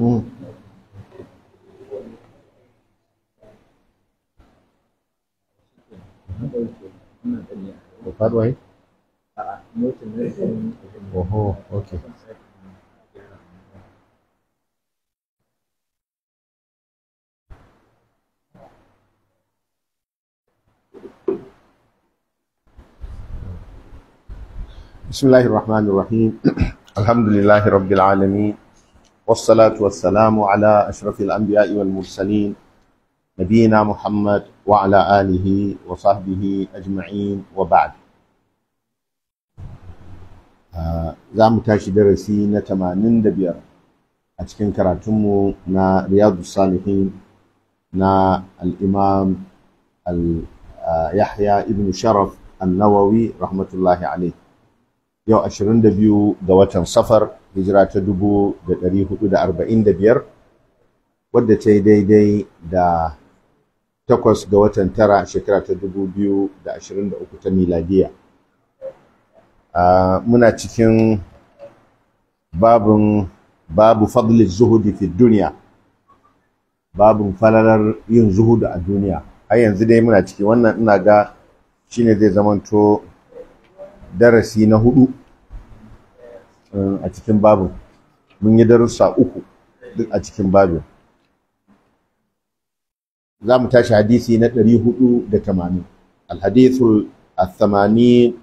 ايه؟ بسم الله الرحمن الرحيم الحمد لله رب العالمين والصلاة والسلام على أشرف الأنبياء والمرسلين نبينا محمد وعلى آله وصحبه أجمعين وبعد za mu tashi darasi na 85 a cikin karatunmu na riyadu salihin na al'imam yahya ibn sharaf annawawi rahmatullahi alaihi yau 22 da watan safar hijira ta dubu da ɗari hudu da arba'in da biyar wadda ta yi daidai da takwas ga watan tara shekara ta dubu biyu da ashirin da uku ta miladiya muna cikin babin babu fadli zuhudi fi duniya babin falalar yin zuhudu a duniya har yanzu dai muna ciki wannan ina ga shine zai zamanto darasi na hudu a cikin babin mun yi darussa uku duk a cikin babin za mu tashi hadisi na ɗari hudu da tamanin alhadisul الثمانين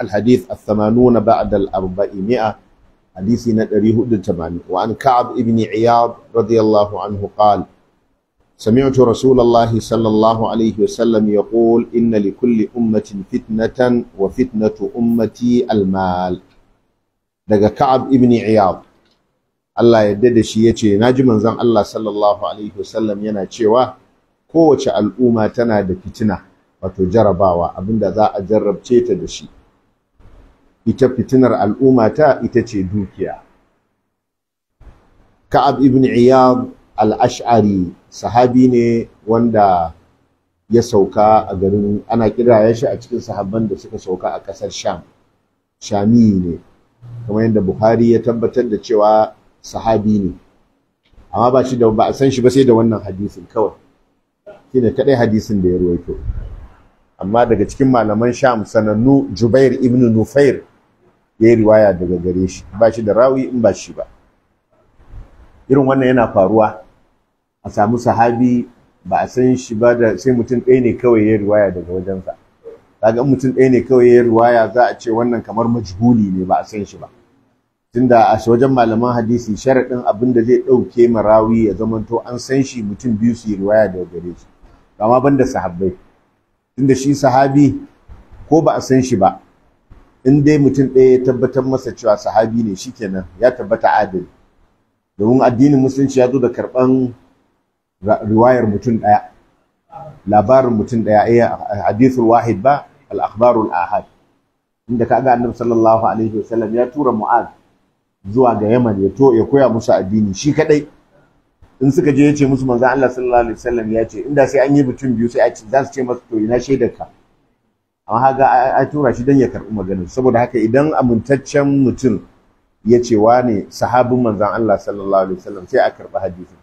الحديث الثمانون بعد الأربعمائة حديث نتريه الثمانين وعن كعب بن عياض رضي الله عنه قال سمعت رسول الله صلى الله عليه وسلم يقول إن لكل أمة فتنة وفتنة أمتي المال daga Ka'ab ibn Iyad Allah ya da shi yace naji manzon Allah sallallahu alaihi wasallam yana cewa kowace al'umma tana da fitina wato jarabawa abinda za a jarrabce ta da shi ita fitinar al'umma ta ita ce dukiya Ka'ab ibn Iyad al-Ash'ari sahabi ne wanda ya sauka a garin ana kira shi a cikin sahabban da suka sauka a ƙasar Sham Shami ne kamar yadda Buhari ya tabbatar da cewa sahabi ne amma ba shi da ba a san shi ba sai da wannan hadisin kawai shine kadai hadisin da ya ruwaito amma daga cikin malaman Sham sanannu Jubair ibn Nufair ya yi riwaya daga gare shi ba shi da rawi in ba shi ba irin wannan yana faruwa a samu sahabi ba a san shi ba da sai mutum ɗaya ne kawai ya yi riwaya daga wajensa kaga mutum ɗaya ne kawai ya ruwaya za a ce wannan kamar majhuli ne ba a san shi ba tunda a wajen malaman hadisi sharaɗin abin da zai ɗauke marawi ya zamanto an san shi mutum biyu su yi ruwaya daga gare shi amma banda sahabbai tunda shi sahabi ko ba a san shi ba in dai mutum ɗaya ya tabbatar masa cewa sahabi ne shikenan ya tabbata adali domin addinin musulunci ya zo da karɓan riwayar mutum ɗaya labarin mutum ɗaya eh, hadithul wahid ba al-akhbarul ahad inda kaga annabi sallallahu alaihi wasallam ya tura mu'az zuwa ga yaman ya to ya koya musu addini shi kadai in suka je ya ce musu manzon Allah sallallahu alaihi wasallam ya ce inda sai an yi mutum biyu sai a ce za su ce masa to ina shaidarka amma haga a tura shi dan ya karɓi maganar saboda haka idan amintaccen mutum ya ce wane sahabin manzon Allah sallallahu alaihi wasallam sai a karɓi hadisin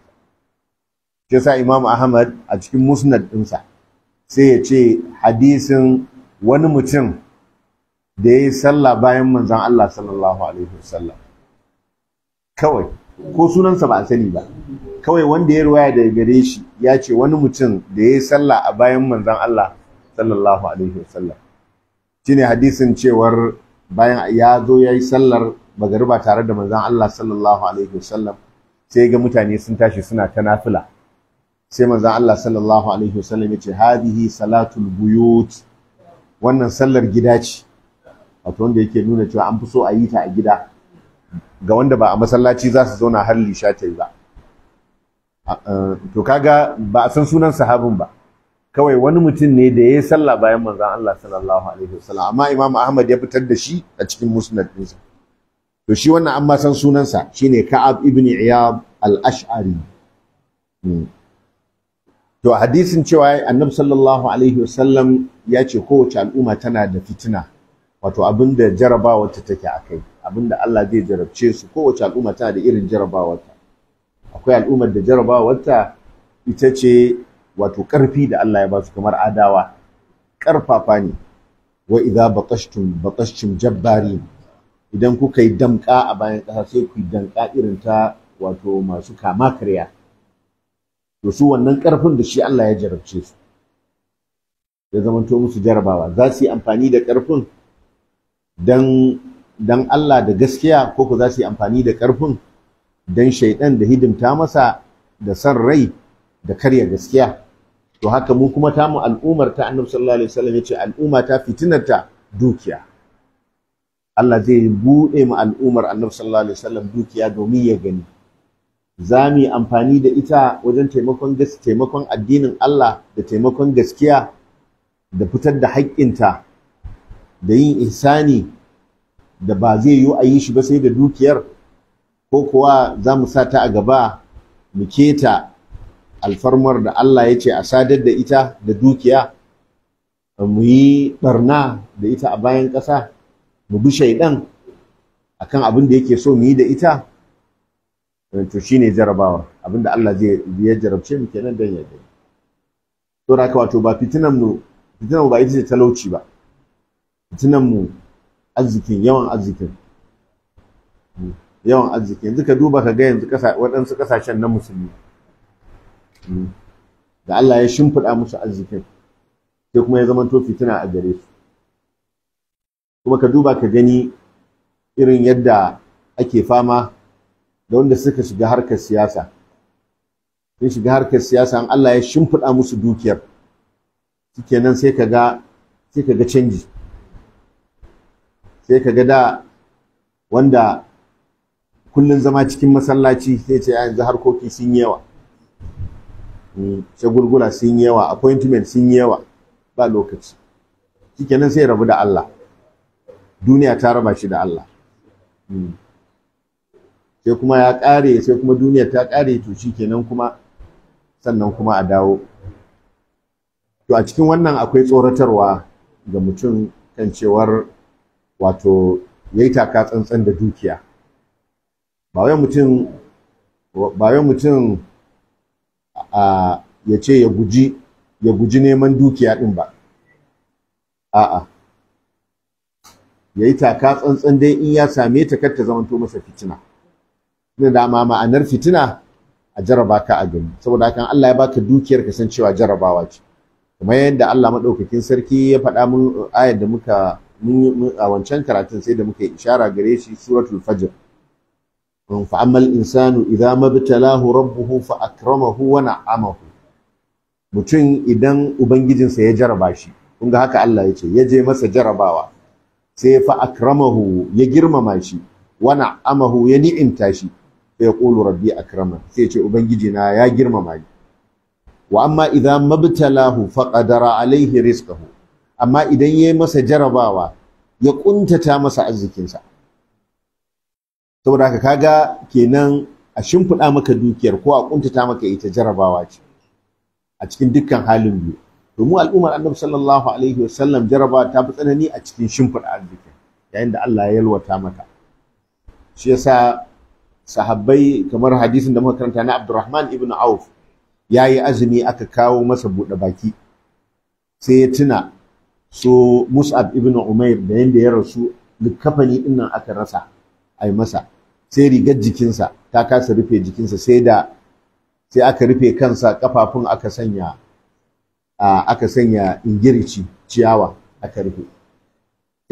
shi sa Imam Ahmad a cikin musnad ɗinsa sai ya ce hadisin wani mutum da ya yi sallah bayan manzan Allah sallallahu alaihi wasallam kawai ko sunansa ba a sani ba kawai wanda ya ruwaya daga gare shi ya ce wani mutum da ya yi sallah a bayan manzan Allah sallallahu alaihi wasallam shine hadisin cewar bayan ya zo ya yi sallar magariba tare da manzan Allah sallallahu alaihi wasallam sai ga mutane sun tashi suna ta nafila sai manzan Allah sallallahu alaihi wasallam ya ce hadihi salatul buyut wannan sallar gida ce wato wanda yake nuna cewa an fi so a yi ta a gida ga wanda ba a masallaci za su zauna har lisha yi ba to kaga ba a san sunan sahabin ba kawai wani mutum ne da ya yi sallah bayan manzon Allah sallallahu alaihi wasallam amma Imam Ahmad ya fitar da shi a cikin musnad ɗinsa to shi wannan an ma san sunansa shine Ka'ab ibn Iyab al-Ash'ari hmm. to hadisin cewa annabi sallallahu alaihi wasallam ya ce kowace al'umma tana da fitina wato abin da ta take a abin da Allah zai jarabce su kowace al'umma tana da irin jarabawarta akwai al'ummar da jarabawarta ita ce wato karfi da Allah ya ba su kamar adawa ƙarfafa ne wa idza batashtum batashtum jabbari idan kuka yi damka a bayan ƙasa sai ku yi irin ta wato masu kama karya to su wannan ƙarfin da shi Allah ya jarabce su ya zamanto musu jarabawa za su yi amfani da ƙarfin dan Allah da gaskiya ko ku za su yi amfani da ƙarfin dan shaidan da hidimta masa da san rai da karya gaskiya to haka mu kuma tamu al'ummar ta annabi sallallahu alaihi wasallam yace al'umma ta fitinarta dukiya Allah zai buɗe ma al'ummar annabi sallallahu alaihi wasallam dukiya domin ya gani za mu yi amfani da ita wajen taimakon taimakon addinin Allah da taimakon gaskiya da fitar da haƙƙinta da yin ihsani da ba zai yiwu a yi shi ba sai da dukiyar ko kuwa za mu sa ta a gaba mu keta alfarmar da Allah ya ce a sadar da ita da dukiya mu yi barna da ita a bayan ƙasa mu bi shaidan akan abin da yake so mu yi da ita Eh, to shine jarabawa abinda Allah zai ya jarabce mu kenan dan ya gani to da wato ba fitinan mu fitinan mu ba ita ce talauci ba fitinan mu arzikin yawan arzikin yawan arziki yanzu ka duba ka ga yanzu waɗansu ƙasashen na musulmi hmm. da Allah ya shimfiɗa musu arzikin sai kuma ya zama to fitina a gare su kuma ka duba ka gani irin yadda ake fama da wanda suka shiga harkar siyasa sun shiga harkar siyasa an Allah ya shimfiɗa musu dukiyar shikenan sai ka ga sai ka ga canji sai ka ga da wanda kullun zama cikin masallaci sai ce yanzu harkoki sun yawa hmm, shagulgula sun yawa appointment sun yawa ba lokaci shikenan sai rabu da Allah duniya ta raba shi da Allah hmm. sai kuma ya ƙare sai kuma duniyar ta ƙare to shi kenan kuma sannan kuma a dawo to a cikin wannan akwai tsoratarwa ga mutum kan cewar wato ya yi taka tsantsan da dukiya ba wai mutum ba wai mutum a ya ce ya guji ya guji neman dukiya ɗin ba a'a ya yi taka tsantsan dai in ya same ta kar ta to masa fitina da dama ma'anar fitina a jaraba ka a gani saboda hakan Allah ya baka dukiyar ka san cewa jarabawa ce kuma yadda Allah madaukakin sarki ya faɗa mun ayar da muka a wancan karatun sai da muka yi ishara gare shi suratul fajr fa amal insanu idza mabtalahu rabbuhu fa akramahu wa na'amahu mutum idan ubangijinsa ya jaraba shi kun ga haka Allah ya ce ya je masa jarabawa sai fa akramahu ya girmama shi wa na'amahu ya ni'imta shi fa yaqulu rabbi akrama sai ce ubangiji na ya girmama ni wa amma idan mabtalahu faqadara alaihi rizqahu amma idan yayi masa jarabawa ya kuntata masa arzikinsa saboda haka kaga kenan a shimfiɗa maka dukiyar ko a kuntata maka ita jarabawa ce a cikin dukkan halin biyu domin al'ummar annabi sallallahu alaihi wasallam jarabawa ta fi tsanani a cikin shimfiɗa arziki yayin da Allah ya yalwata maka shi yasa sahabbai kamar hadisin da muka karanta na Abdurrahman ibn Auf ya yi azumi aka kawo masa buɗe baki sai ya tuna so Mus'ab ibn Umair da yanda ya rasu likafani din nan aka rasa ai masa sai rigar jikinsa ta kasa rufe jikinsa sai da sai aka rufe kansa kafafun aka sanya aka sanya ingirici ciyawa aka rufe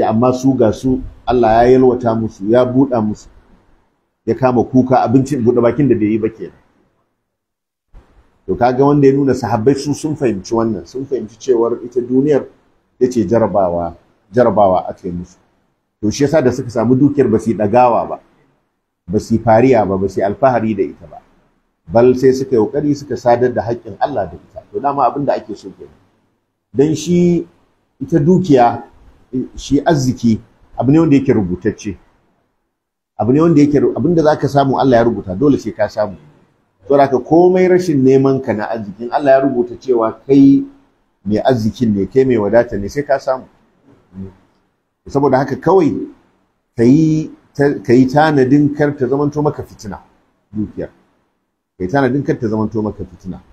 amma su ga su Allah ya yalwata musu ya buɗa musu ya kama kuka abincin buɗe bakin da bai yi ba kenan to kaga wanda ya nuna sahabbai su sun fahimci wannan sun fahimci cewar ita duniyar yace jarabawa jarabawa ake musu to shi yasa da suka samu dukiyar ba su ɗagawa ba ba su fariya ba ba su alfahari da ita ba bal sai suka yi ƙoƙari suka sadar da haƙƙin Allah da ita to dama abin da ake so kenan dan shi ita dukiya shi arziki abu ne wanda yake rubutacce abu ne wanda yake abinda zaka samu Allah ya rubuta dole sai ka samu to raka komai rashin neman ka na arzikin Allah ya rubuta cewa kai mai arzikin ne kai mai wadata ne sai ka samu saboda haka kawai kayi kayi tanadin kar ta zamanto maka fitina dukiya kai tanadin kar ta zamanto maka fitina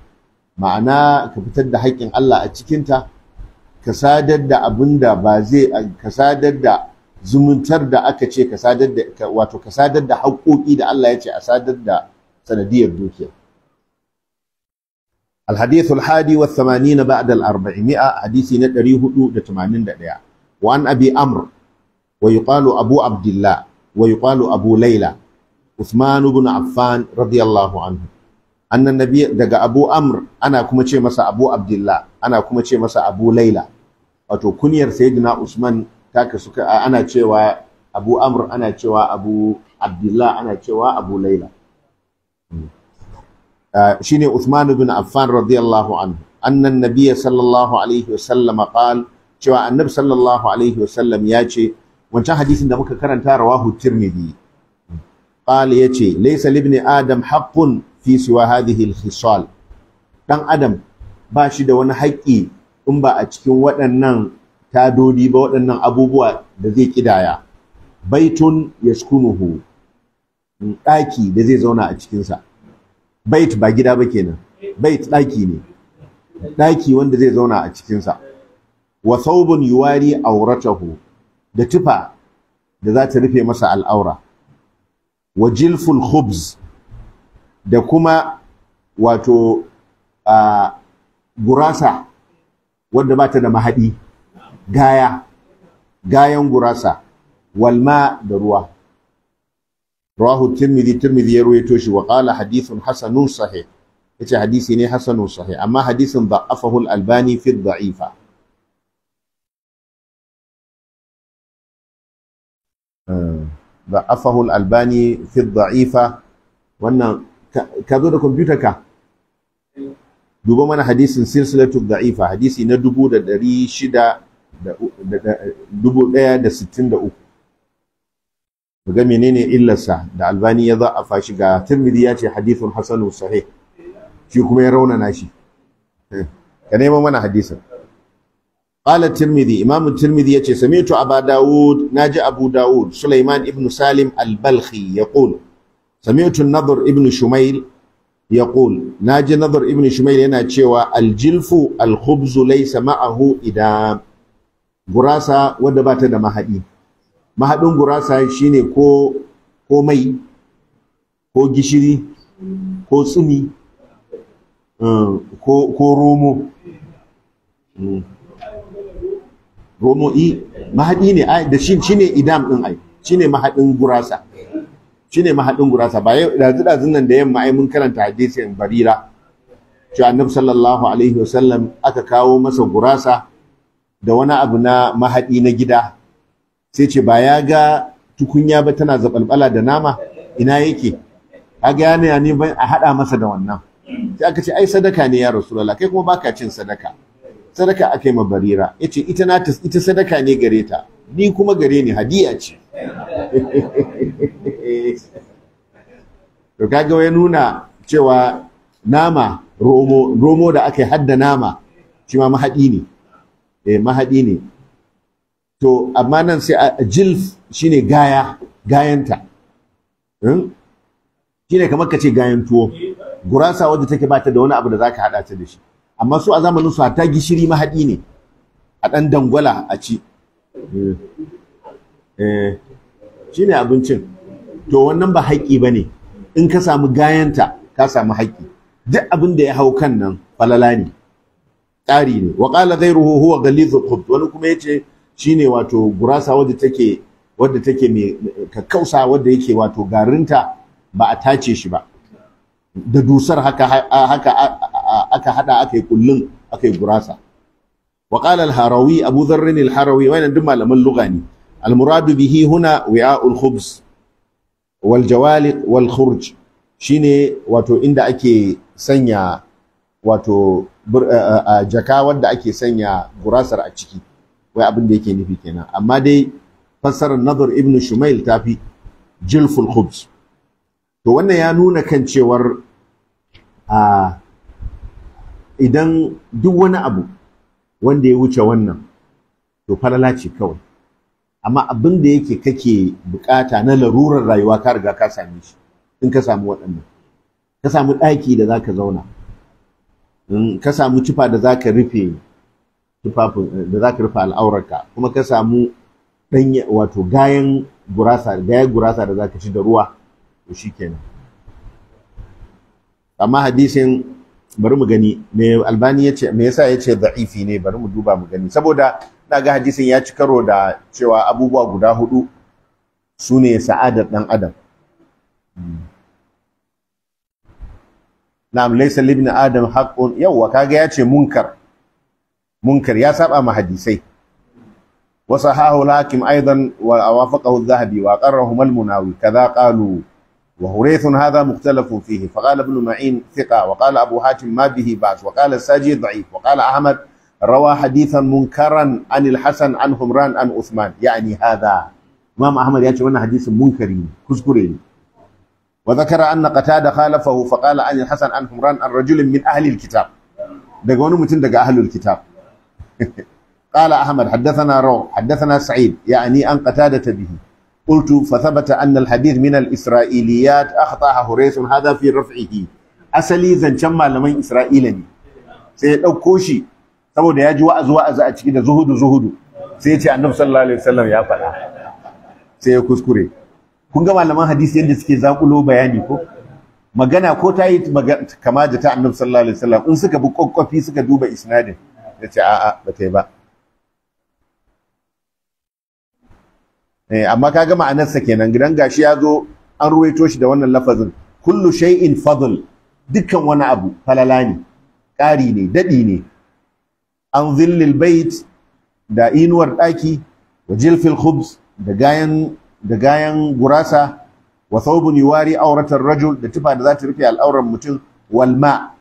ma'ana ka fitar da haƙƙin Allah a cikinta ka sadar da abin ba zai ka sadar da zumuntar da aka ce ka sadar da wato ka sadar da haƙoƙi da Allah ya ce a sadar da sanadiyar dukiya الحديث الحادي والثمانين بعد الأربعمائة حديث ندري هدو دتمانين دقيقة وعن أبي أمر ويقال أبو عبد الله ويقال أبو ليلى عثمان بن عفان رضي الله عنه أن النبي دقى أبو أمر أنا كما مسا أبو عبد الله أنا كما مسا أبو ليلى أتو كنير سيدنا عثمان taka suka ana cewa abu amr ana cewa abu abdullah ana cewa abu laila hmm. shine uthman ibn affan radiyallahu anhu anna an sallallahu alaihi wasallam qala cewa annabi sallallahu alaihi wasallam ya ce wancan hadisin da muka karanta rawahu tirmidhi hmm. qala yace laysa li ibn adam haqqun fi siwa hadhihi al-khisal dan adam ba shi da wani haƙƙi in ba a cikin waɗannan tadodi ba waɗannan abubuwa da zai kidaya baitun yaskunuhu mm, ɗaki da zai zauna a cikinsa bait ba gida ba kenan bait ɗaki ne ɗaki wanda zai zauna a cikinsa wa saubun yuwari auratahu da tufa da za ta rufe masa al'aura wa jilful khubz da kuma wato gurasa wanda ba ta da mahaɗi gaya gayan gurasa walma da ruwa rawahu tirmidhi tirmidhi ya ruwaito shi wa qala hadithun hasanun sahih yace hadisi ne hasanun sahih amma hadisin da'afahu al-albani fi da'ifa eh, da'afahu al-albani fi da'ifa wannan ka zo da computer duba mana hadisin silsilatu da'ifa hadisi na dubu da ɗari shida 1,063 ga menene illarsa da albani ya za a fashi ga tirmidhi ya ce hadithun hasanun sahih shi kuma ya raunana shi eh, ka neman mana hadisin qala tirmidhi imam tirmidhi yace sami'tu aba daud naji abu daud sulaiman ibn salim al-balkhi yaqul sami'tu an-nadhr ibn shumayl yaqul naji nadhr ibn shumayl yana cewa al-jilfu al-khubzu laysa ma'ahu idam gurasa wadda ba ta da mahaɗi mahaɗin gurasa shine ko ko mai ko gishiri ko tsumi eh, ko romo hmm. romo i eh, mahaɗi ne da shi shine idam ɗin ai shine mahaɗin gurasa shine mahaɗin gurasa ba yau da zuɗa nan da yamma ai mun karanta hadisin barira cewa annabi sallallahu alaihi wasallam aka kawo masa gurasa da wani abu na mahaɗi na gida sai ce ba ya ga tukunya ba tana zaɓalɓala da nama ina yake A kaga ya ne a haɗa masa da wannan sai aka ce ai sadaka ne ya rasu rasulullah kai kuma baka cin sadaka sadaka aka yi ma barira yace ita ita sadaka ne gare ta ni kuma gare ni hadiya ce to kaga ya nuna cewa nama romo romo da aka yi hadda nama shi mahaɗi ne E mahadi ne to amma nan sai a jilf shine gaya gayanta hmm? shine kamar ka ce gayan tuwo gurasa wadda take bata da wani abu da zaka hada ta da shi amma su a zamanin su ta gishiri mahadi ne a dan dangwala a ci eh. eh shine abincin to wannan ba haƙƙi bane in ka samu gayanta ka samu haƙƙi duk abin da ya hau kan nan falala ne ƙari ne wa qala ghayruhu huwa ghalizul khubz wani kuma yace shine wato gurasa wadda take wadda take mai kakkausa wadda yake wato garinta ba a tace shi ba da dusar haka haka aka hada aka yi kullun aka yi gurasa wa qala al-harawi abu dharr al-harawi wannan duk malaman lugha ne al-muradu bihi huna wi'a'ul khubz wal jawaliq wal khurj shine wato inda ake sanya wato Eh, eh, jaka wanda ake sanya gurasar a ciki wai abin da yake nufi kenan amma dai fassarar nazar ibn shumail ta fi jilful khubz to wannan ya nuna kan cewar a idan duk wani abu wanda ya wuce wannan to falala ce kawai amma abin da yake kake bukata na larurar rayuwa ka riga ka same shi in ka samu waɗannan ka samu ɗaki da za ka zauna in ka samu tufa da za ka rufe eh, da za ka rufe al'aurarka kuma ka samu ɗanya wato gayan gurasa gayan gurasa da za ka ci da ruwa to shi kenan amma hadisin bari mu gani me albani ya ce me yasa ya ce da'ifi ne bari mu duba mu gani saboda na ga hadisin ya ci karo da cewa abubuwa guda hudu su ne sa'adar ɗan adam hmm. نعم ليس لابن ادم حق يو كاجا منكر منكر يا سبع ما حديثي وصحاه الحاكم ايضا ووافقه الذهبي واقرهما المناوي كذا قالوا وهريث هذا مختلف فيه فقال ابن معين ثقه وقال ابو حاتم ما به باس وقال الساجي ضعيف وقال احمد روى حديثا منكرا عن الحسن عن همران عن عثمان يعني هذا امام احمد يعني حديث منكرين كسكرين وذكر أن قتادة خالفه فقال عن الحسن عن حمران عن رجل من أهل الكتاب دقا وني متين دقا أهل الكتاب قال أحمد حدثنا رو حدثنا سعيد يعني أن قتادة به قلت فثبت أن الحديث من الإسرائيليات أخطأ هريس هذا في رفعه أسلي زنشان malaman Isra'ila ne sai ya ɗauko shi saboda ya ji wa'azi wa'azi a ciki da zuhudu zuhudu sai ya ce annabi sallallahu alaihi wasallam ya faɗa sai ya kuskure kun ga malaman hadisi yadda suke zakulo bayani ko magana ko ta yi kama da ta annabi sallallahu alaihi wasallam in suka bi kokkofi suka duba isnadin ya ce a'a ba ta yi ba eh amma kaga ma'anarsa kenan gidan gashi ya zo an ruwaito shi da wannan lafazin kullu shay'in fadl dukkan wani abu falala ne ƙari ne daɗi ne an zillil bait da inuwar ɗaki wa jilfil khubz da gayan da gayan gurasa wa thawbun yuwari auratar rajul da tufa da za ta rufe al'auran mutum walma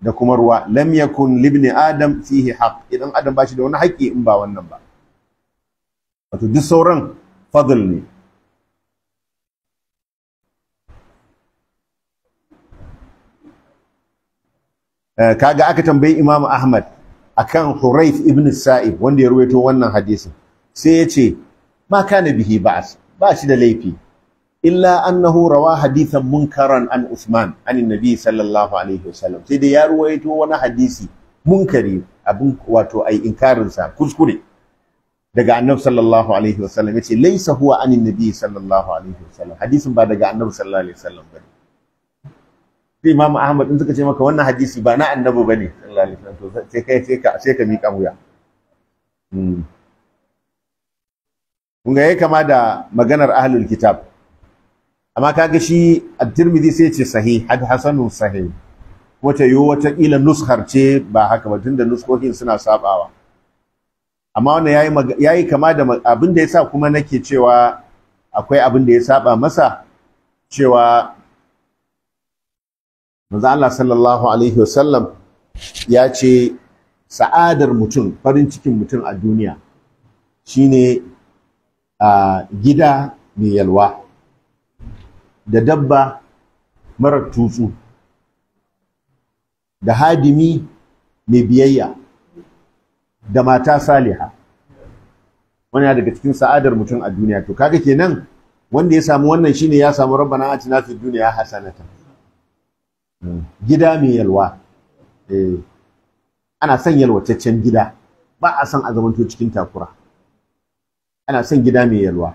da kuma ruwa lam yakun libni adam fihi haq idan adam ba shi da wani haƙƙi in ba wannan ba wato duk sauran fadl ne eh, Ka ga aka tambayi Imam Ahmad akan huraif ibn Sa'ib wanda ya ruwaito wannan hadisin sai ya ce ma kana bihi ba'as ba shi da laifi illa annahu rawa hadithan munkaran an Usman an Nabi sallallahu alaihi wasallam sai dai ya ruwaito wani hadisi munkari abin wato ai inkarin sa kuskure daga Annabi sallallahu alaihi wasallam yace laysa huwa an Nabi sallallahu alaihi wasallam hadisin ba daga Annabi sallallahu alaihi wasallam bane sai Imam Ahmad in suka ce maka wannan hadisi ba na Annabi bane sallallahu alaihi wasallam to sai kai sai ka sai ka mika wuya mm kun ga yayi kama da maganar ahlul kitab amma kaga shi at-tirmidhi sai ce sahih had hasanu sahih wata yo wata kila nuskhar ce ba haka ba tunda nuskokin suna sabawa amma wannan yayi yayi kama da abinda da yasa kuma nake cewa akwai abinda ya saba masa cewa manzo Allah sallallahu alaihi wasallam ya ce sa'adar mutum farin cikin mutum a duniya shine a gida mai yalwa da dabba mara tutsu da hadimi mai biyayya da mata saliha wani daga cikin sa'adar mutum a duniya to kaga kenan wanda ya samu wannan shine ya samu rabbana atina fid dunya hasanata hmm. gida mai yalwa eh ana son yalwataccen gida ba a son a zamanto cikin takura ana son gida mai yalwa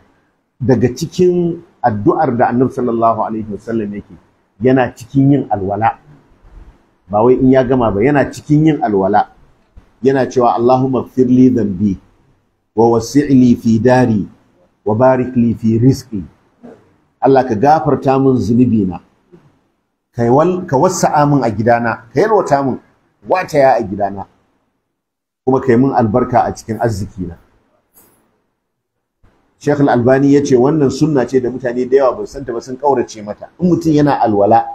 daga cikin addu'ar da annabi sallallahu alaihi wasallam yake yana cikin yin alwala ba wai in ya gama ba yana cikin yin alwala yana cewa Allahumma firli dhanbi wa wasi'li fi dari wa barik li fi rizqi Allah ka gafarta min zunubina ka ka wassa'a min a gidana ka yalwata min wata a gidana kuma kai min albarka a cikin arziki na. Sheikh Al-Albani ya ce wannan sunna ce da mutane da yawa ba san ta ba sun kaurace mata. In mutum yana alwala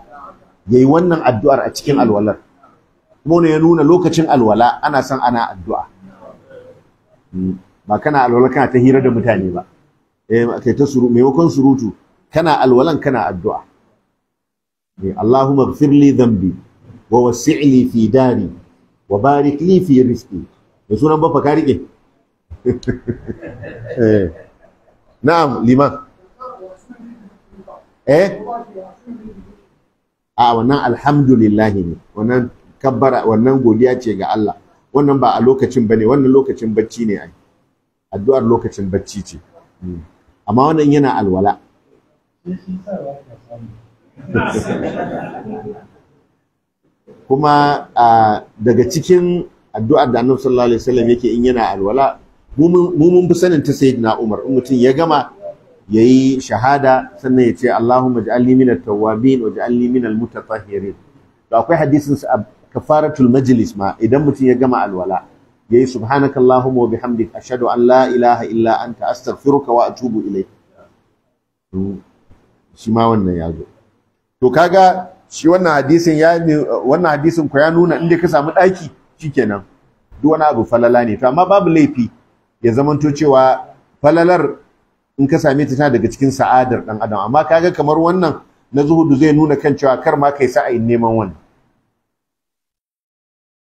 yayi wannan addu'ar a cikin alwalar. Kuma ne ya nuna lokacin alwala ana san ana addu'a. Hmm. Ba kana alwala kana ta hira da mutane ba. Eh kai ta suru maimakon surutu kana alwalan kana addu'a. Eh Allahumma ighfirli dhanbi wa wasi'li fi dari wa barik li fi rizqi. Da sunan ba fa ka rike. Eh na'am liman eh a wannan alhamdulillah ne wannan kabbara wannan godiya ce ga Allah wannan ba a lokacin ne wannan lokacin bacci ne ai addu'ar lokacin bacci ce hmm. amma wannan yana alwala kuma daga cikin addu'ar da annabi sallallahu alaihi wasallam yake in yana alwala mu mun fi sanin ta sayyidina Umar in mutum ya gama yayi shahada sannan ya ce Allahumma ij'alni minat tawwabin waj'alni al mutatahhirin to akwai hadisin kafaratul majlis ma idan mutum ya gama alwala yayi subhanakallahumma wa bihamdik ashhadu an la ilaha illa anta astaghfiruka wa atubu ilayk shi ma wannan ya zo to kaga shi wannan hadisin ya wannan hadisin ko ya nuna inda ka samu daki shikenan duk wani abu falala ne to amma babu laifi ya zamanto cewa falalar in ka same ta tana daga cikin sa'adar dan adam amma kaga kamar wannan na zuhudu zai nuna kan cewa kar ma kai sa'ayin neman wannan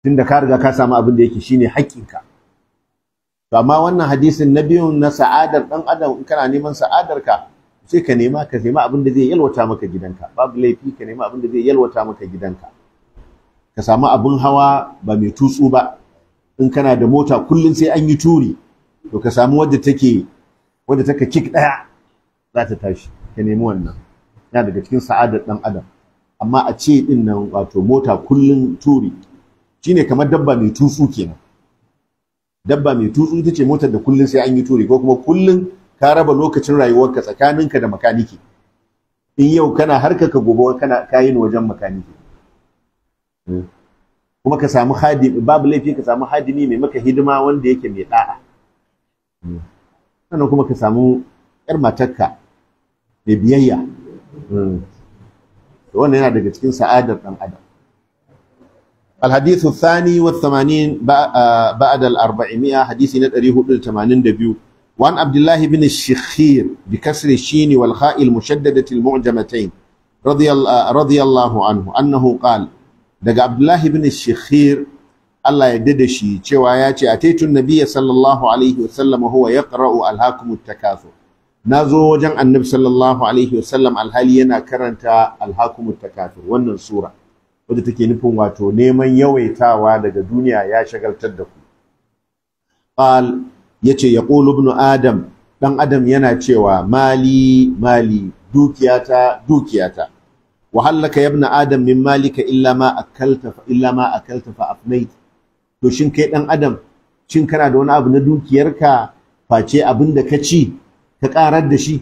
tunda ka riga ka samu abin da yake shine haƙƙinka to amma wannan hadisin na biyun na sa'adar dan adam in kana neman sa'adar ka, sai ka nema ka nema abin da zai yalwata maka gidanka babu laifi ka nema abin da zai yalwata maka gidanka ka samu abin hawa ba mai tutsu ba in kana da mota kullum sai an yi turi to ka samu wadda take wadda take kick daya za ta tashi ka nemi wannan yana daga cikin sa'adar dan adam amma a ce din nan wato mota kullun turi shine kamar dabba mai tusu kenan dabba mai tusu ita ce motar da kullun sai an yi turi ko kuma kullun ka raba lokacin rayuwarka tsakaninka da makaniki in yau kana harka ka gobe kana kayin wajen makaniki eh. kuma ka samu hadimi babu laifi ka samu hadimi mai maka hidima wanda yake mai da'a sannan kuma ka samu yar matarka mai biyayya wannan yana daga cikin sa'adar ɗan adam الحديث الثاني والثمانين بعد الأربعمائة حديث نتريه الثمانين دبيو وعن عبد الله بن الشخير بكسر الشين والخاء المشددة المعجمتين رضي, رضي الله عنه أنه قال دق عبد الله بن الشخير Allah ya da shi cewa ya ce a taitun nabiyya sallallahu alaihi wasallam huwa yaqra'u alhakumut Na zo wajen annabi sallallahu alaihi wasallam alhali yana karanta alhakumut takathur wannan sura wadda take nufin wato neman yawaitawa daga duniya ya shagaltar da ku qal yace yaqulu ibn adam dan adam yana cewa mali mali dukiyata dukiyata wa hallaka ya adam min malika illa ma akalta illa ma akalta fa afnayta to shin kai dan adam shin kana da wani abu na dukiyarka face abin da ka ci ka karar da shi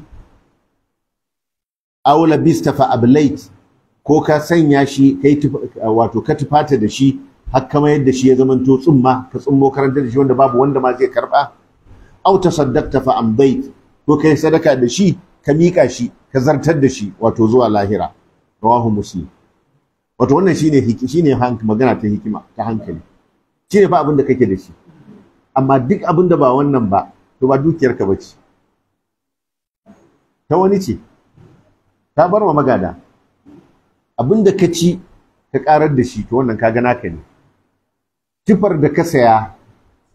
aula bista fa ablait ko ka sanya shi kai wato ka tufata da shi har kama yadda shi ya zamanto tsumma ka tsummo karanta da shi wanda babu wanda ma zai karba aw tasaddaqta fa amdait ko kai sadaka da shi ka mika shi ka zartar da shi wato zuwa lahira rawahu muslim wato wannan shine shine magana ta hikima ta hankali cire ne fa abin da kake da shi amma duk abin da ba wannan ba to ba dukiyarka ba ce ta wani ce ta bar wa magada abin da ka ci ka karar da shi to wannan ka gana ka ne tifar da ka saya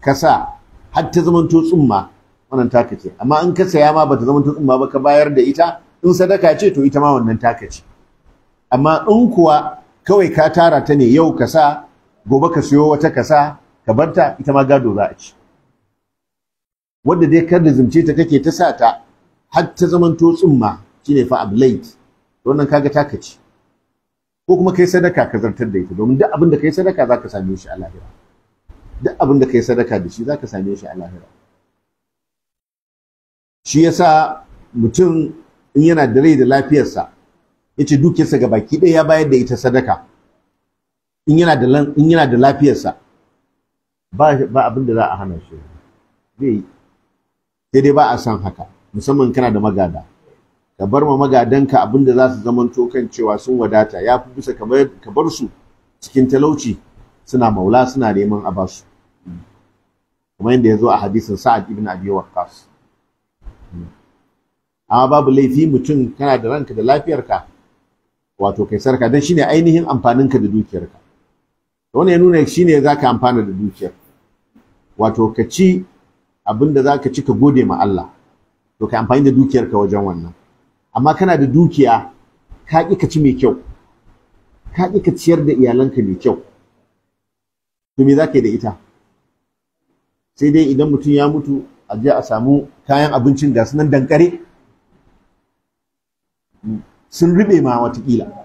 ka sa har ta zamanto tsumma wannan taka ce amma in ka saya ma bata zamanto tsumma ba ka bayar da ita in sadaka ce to ita ma wannan taka ce amma in kuwa kawai ka tara ta ne yau ka sa gobe ka siyo wata kasa ka barta ita ma gado za a ci wanda dai kar da zumce ta kake ta sa ta har ta zamanto tsumma shine fa ablate wannan kaga ta kaci ko kuma kai sadaka ka zartar da ita domin duk abin da kai sadaka zaka same shi a lahira duk abin da kai sadaka da shi zaka same shi a lahira shi yasa mutum in yana da rai da lafiyarsa ce dukiyarsa ga baki ɗaya ya bayar da ita sadaka in yana da lafiyarsa ba ba za a hana shi zai sai dai ba a san haka musamman kana da magada ka bar ma magadanka abin da za su zamanto kan cewa sun wadata ya fi bisa ka bar su cikin talauci suna maula suna neman a basu kuma yadda ya zo a hadisin sa'ad ibn abi waqqas amma babu laifi mutum kana da ranka da lafiyarka wato kai sarka dan shine ainihin amfaninka da dukiyarka wani ya nuna shi ne za ka amfana da dukiyar wato ka ci abinda zaka ci ka gode ma Allah to ka amfani da dukiyar ka wajen wannan amma kana da dukiya ka ki ka ci mai kyau ka ki ka ciyar da iyalanka mai kyau to me za ka yi da ita sai dai idan mutum ya mutu a je a samu kayan abincin da sunan nan dankare sun rube ma watakila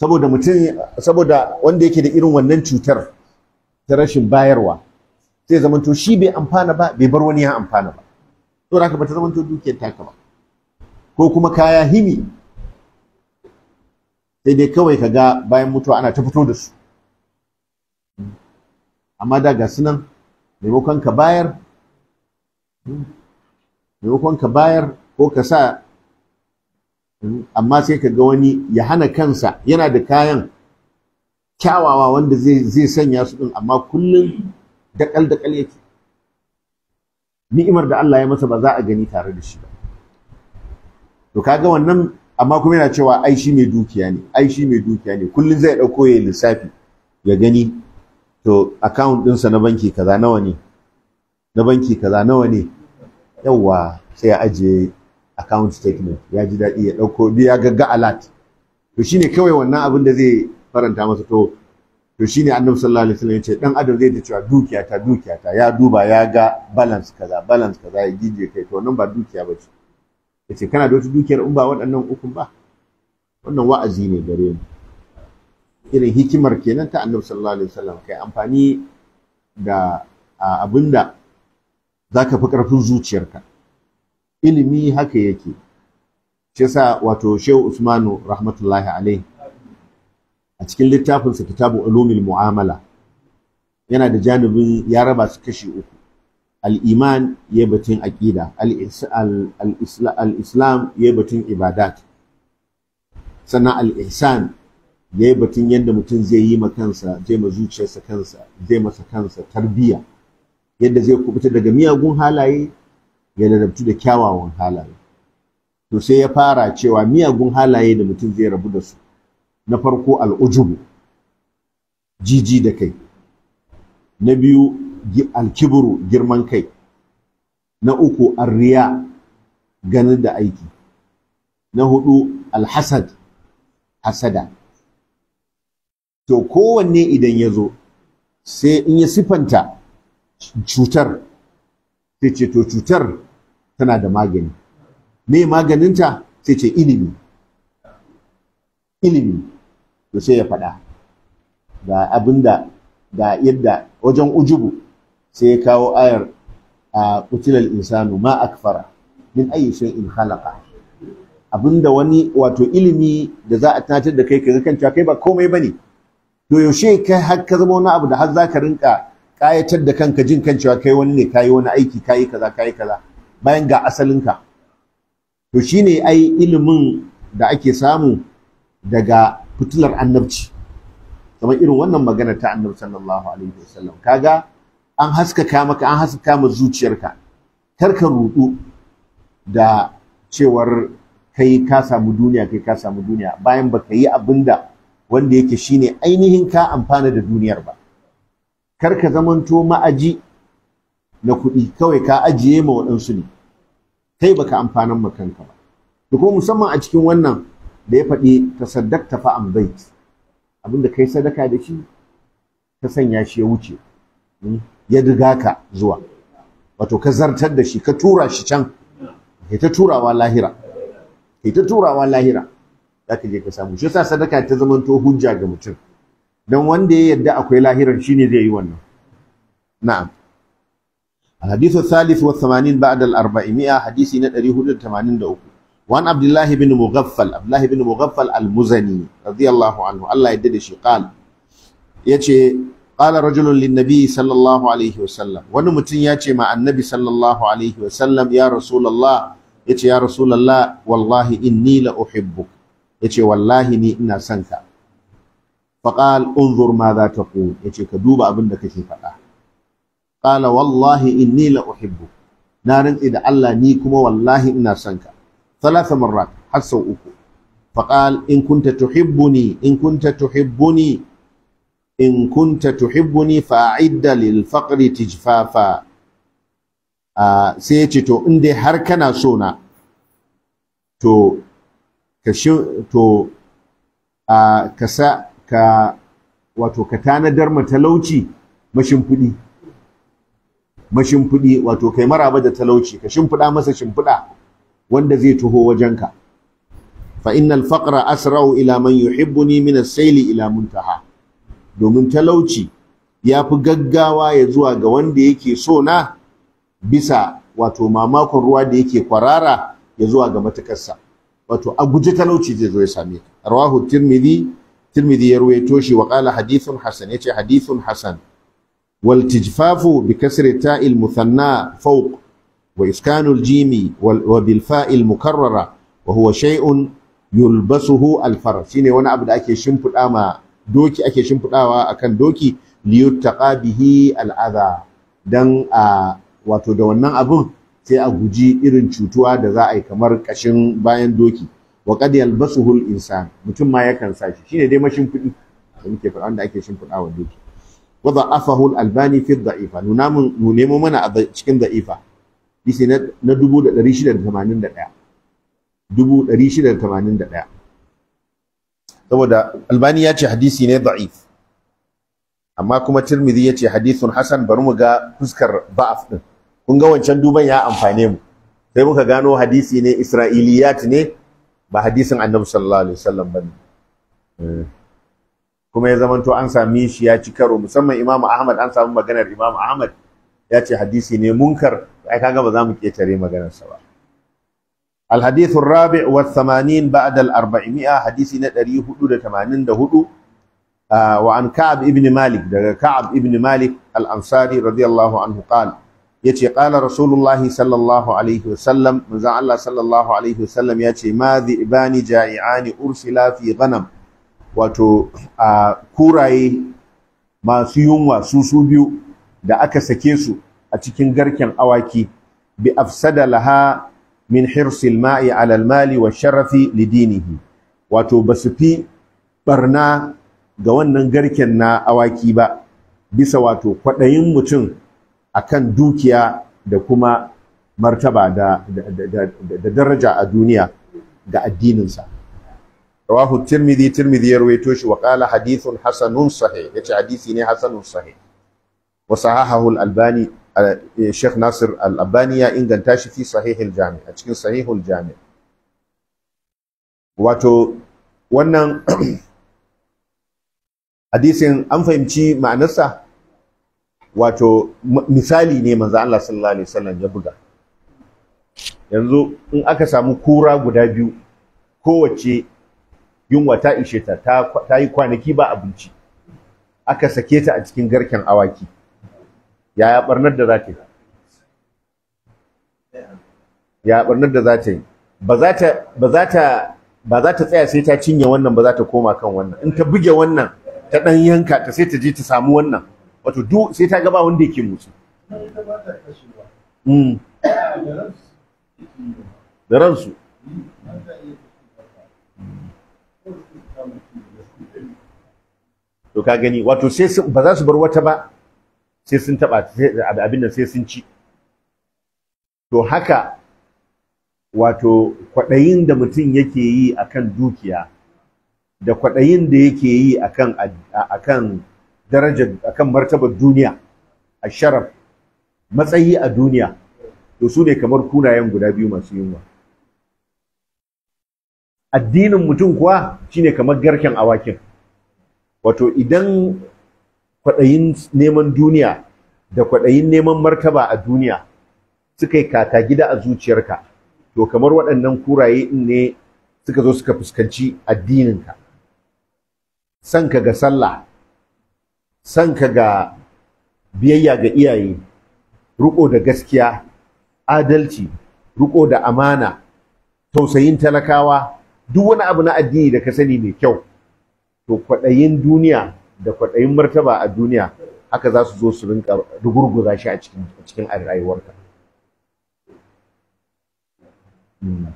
saboda mutum saboda wanda yake da irin wannan cutar ta rashin bayarwa sai to shi bai amfana ba bai bar wani ya amfana ba to haka bata to dukiyar taka ba ko kuma kaya himi sai dai kawai ka ga bayan mutuwa ana ta fito da su amma da ga sunan maimakon bayar maimakon ka bayar ko ka sa amma sai ka ga wani ya hana kansa yana da kayan kyawawa wanda zai sanya su ɗin amma kullum dakal dakal yake ni'imar da Allah ya masa ba za a gani tare da shi ba to kaga wannan amma kuma yana cewa ai shi mai dukiya ne ai shi mai dukiya ne kullum zai ɗauko ya lissafi ya gani to account ɗinsa na banki kaza nawa ne na banki kaza nawa ne yawa sai ya ajiye account statement ya ji daɗi ya ɗauko biya gagga alert to shine kawai wannan abin da zai faranta masa to to shine annabi sallallahu alaihi wasallam yace dan adam zai ta cewa dukiya ta dukiya ta ya duba ya ga balance kaza balance kaza ya gije kai to wannan ba dukiya bace yace kana da wata dukiyar in ba waɗannan uku ba wannan wa'azi ne gare mu irin hikimar kenan ta annabi sallallahu alaihi wasallam kai amfani da abinda zaka fi karfin zuciyarka ilimi haka yake shi yasa wato Shehu Usmanu rahmatullahi alaihi a cikin littafinsa kitabu ulumil mu'amala yana da janibin ya raba su kashi uku al-iman ya batun aqida al-islam ya batun ibadat sannan al-ihsan ya yi batun yadda mutum zai yi kansa zai ma zuciyarsa kansa zai masa kansa tarbiya yadda zai kubuta daga miyagun halaye ya rabtu da kyawawan halaye to sai ya fara cewa miyagun halaye da mutum zai rabu da su na farko al'ujubu jiji da kai na biyu alkiburu girman kai na uku arriya ganin da aiki na hudu alhasad hasada to kowanne idan ya zo sai in ya sifanta cutar sai ce to cutar tana da magani me maganinta sai ce ilimi ilimi to sai ya faɗa ga abinda ga yadda wajen ujubu sai ya kawo ayar a kutilal insanu ma akfara min ayi in khalaqa abinda wani wato ilimi da za a tunatar da kai ka kanta kai ba komai bane to yaushe kai har ka zama wani abu da har zaka rinka kayatar da kanka jin kan cewa kai wani ne kayi wani aiki kayi kaza kayi kaza bayan ga asalinka to shine ai ilimin da ake samu daga fitilar annabci kamar irin wannan magana ta annabi sallallahu alaihi wasallam kaga an haskaka maka an haskaka ma zuciyarka kar ka rudu da cewar kai ka samu duniya kai ka samu duniya bayan baka yi abinda wanda yake shine ainihin ka amfana da duniyar ba kar ka zamanto ma'aji na kuɗi kawai ka ajiye ma waɗansu ne kai baka amfanin ma kanka ba da kuma musamman a cikin wannan da ya faɗi ta saddak ta fa'an bait abinda kai sadaka da shi ka sanya shi ya wuce hmm, ya riga ka zuwa wato ka zartar da shi ka tura shi can kai ta turawa lahira kai ta turawa lahira za ka je ka samu shi yasa sadaka ta zamanto hujja ga mutum dan wanda ya yadda akwai lahirar shine zai yi wannan na'am الحديث الثالث والثمانين بعد الأربعمائة حديث ندري هدى ثمانين دوكو وعن عبد الله بن مغفل عبد الله بن مغفل المزني رضي الله عنه الله يددش قال يتي قال رجل للنبي صلى الله عليه وسلم ونمتن يتي مع النبي صلى الله عليه وسلم يا رسول الله يتي يا رسول الله والله إني لأحبك يتي والله إني إنا سنك faqal unzur ma za ta qul yace ka duba abin da kake faɗa Ƙala wallahi inni la uhibbu na rantsi da Allah ni kuma wallahi ina son ka thalatha marrat har sau uku faqal in kunta tuhibbuni in kunta tuhibbuni in kunta tuhibbuni fa'idda lil faqri tijfafa sai to in dai har kana so na to ka to ka ka wato ka tanadar ma talauci mashimfiɗi mashimfiɗi wato kai maraba da talauci ka shimfiɗa masa shimfiɗa wanda zai taho wajenka fa innal faqra asra'u ila man yuhibbuni min as-sayli ila muntaha domin talauci ya fi gaggawa ya zuwa ga wanda yake so na bisa wato mamakon ruwa da yake kwarara ya zuwa ga matukarsa wato a guji talauci zai zo ya same ka rawahu tirmidhi Tirmidhi ya ruwaito shi wa qala hadithun hasan yace hadithun hasan wal tijfafu bi kasri ta'il muthanna fawq wa iskanul jimi wa bil fa'il mukarrara wa huwa shay'un yulbasuhu al far shine wani abu da ake shimfida ma doki ake shimfidawa akan doki liyuttaqa bihi al adha dan a wato da wannan abun sai a guji irin cutuwa da za a yi kamar kashin bayan doki wa qad yalbasuhu al-insan mutum ma yakan sa shi shine dai mashin kudi da muke wanda ake shimfiɗa wa doki wa da'afahu al-albani fi ad nuna mu mana a cikin da'ifa yace na 1681 1681 saboda albani ya ce hadisi ne da'if amma kuma tirmidhi ya ce hadithun hasan bari mu ga fuskar ba'af din kun ga wancan duban ya amfane mu sai muka gano hadisi ne isra'iliyat ne ba hadisin annabi sallallahu alaihi wasallam bane eh. kuma ya zama an sami shi ya ci karo musamman imamu ahmad an samu maganar Imam ahmad ya ce hadisi ne munkar ai kaga ba za mu ketare maganarsa ba al hadith ar rabi' wa thamanin ba'd al 400 hadisi na 484 ah, wa an ka'ab ibn malik daga ka'ab ibn malik al ansari radiyallahu anhu qala yace ƙala rasulullahi sallallahu alaihi wasallam manzon Allah sallallahu alaihi wasallam yace ma dhibani ja'iani ursila fi ghanam wato a kuraye masu yunwa su su biyu da aka sake su a cikin garken awaki bi afsada laha min hirsil ma'i ala almali wa sharafi lidinihi wato basu fi barna ga wannan garken na awaki ba bisa wato kwaɗayin mutum akan dukiya da kuma martaba da, da, daraja a duniya ga addininsa rawahu tirmidhi tirmidhi ya rawaito shi wa qala hadithun hasanun sahih yace hadisi ne hasanun sahih wa sahahahu al-albani eh, Sheikh Nasir al-Albani ya inganta shi fi sahihul jami a cikin sahihul jami wato wannan hadisin an fahimci ma'anarsa wato misali ne manzo Allah sallallahu alaihi wasallam ya buga yanzu in aka samu kura guda biyu kowace yunwa ta ishe ta ta yi kwanaki ba abinci aka sake ta a cikin garken awaki yaya barnar da za ta yi ya barnar da za ta yi ba za ta ba za ta ba za ta tsaya sai ta cinye wannan ba za ta koma kan wannan in ta buge wannan ta dan yanka ta sai ta je ta samu wannan wato duk sai ta gaba wanda yake motsi hmm. da ransu to ka gani wato sai ba za su bar wata ba sai sun taba abin da sai sun ci to haka wato kwaɗayin da mutum yake yi akan dukiya da kwaɗayin da yake yi akan akan daraja akan martabar duniya a sharaf matsayi a duniya to su ne kamar kunayen guda biyu masu yunwa addinin mutum kuwa shine kamar garken awakin wato idan kwaɗayin neman duniya da kwaɗayin neman martaba a duniya suka yi kaka gida a zuciyarka to kamar waɗannan kuraye in ne suka zo suka fuskanci addininka ka ka ga sallah sanka ga biyayya ga iyaye riko da gaskiya adalci riko da amana tausayin talakawa duk wani abu na addini da ka sani mai kyau to kwaɗayin duniya da kwaɗayin martaba a duniya haka za su zo su rinka rugurguza shi a cikin cikin rayuwarka hmm.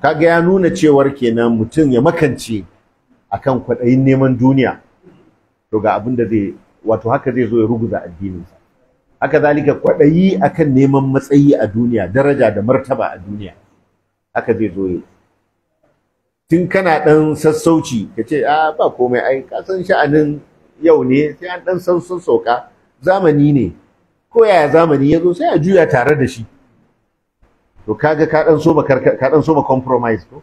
kaga ya nuna cewar kenan mutum ya makance akan kwaɗayin neman duniya to ga abin da zai wato haka zai zo ya ruguza addininsa haka zalika kwaɗayi akan neman matsayi a duniya daraja da martaba a duniya haka zai zo ya tun kana ɗan sassauci ka ce a ba komai ai ka san sha'anin yau ne sai an ɗan san sun zamani ne ko yaya zamani ya zo sai a juya tare da shi to kaga ka ɗan so ba compromise ko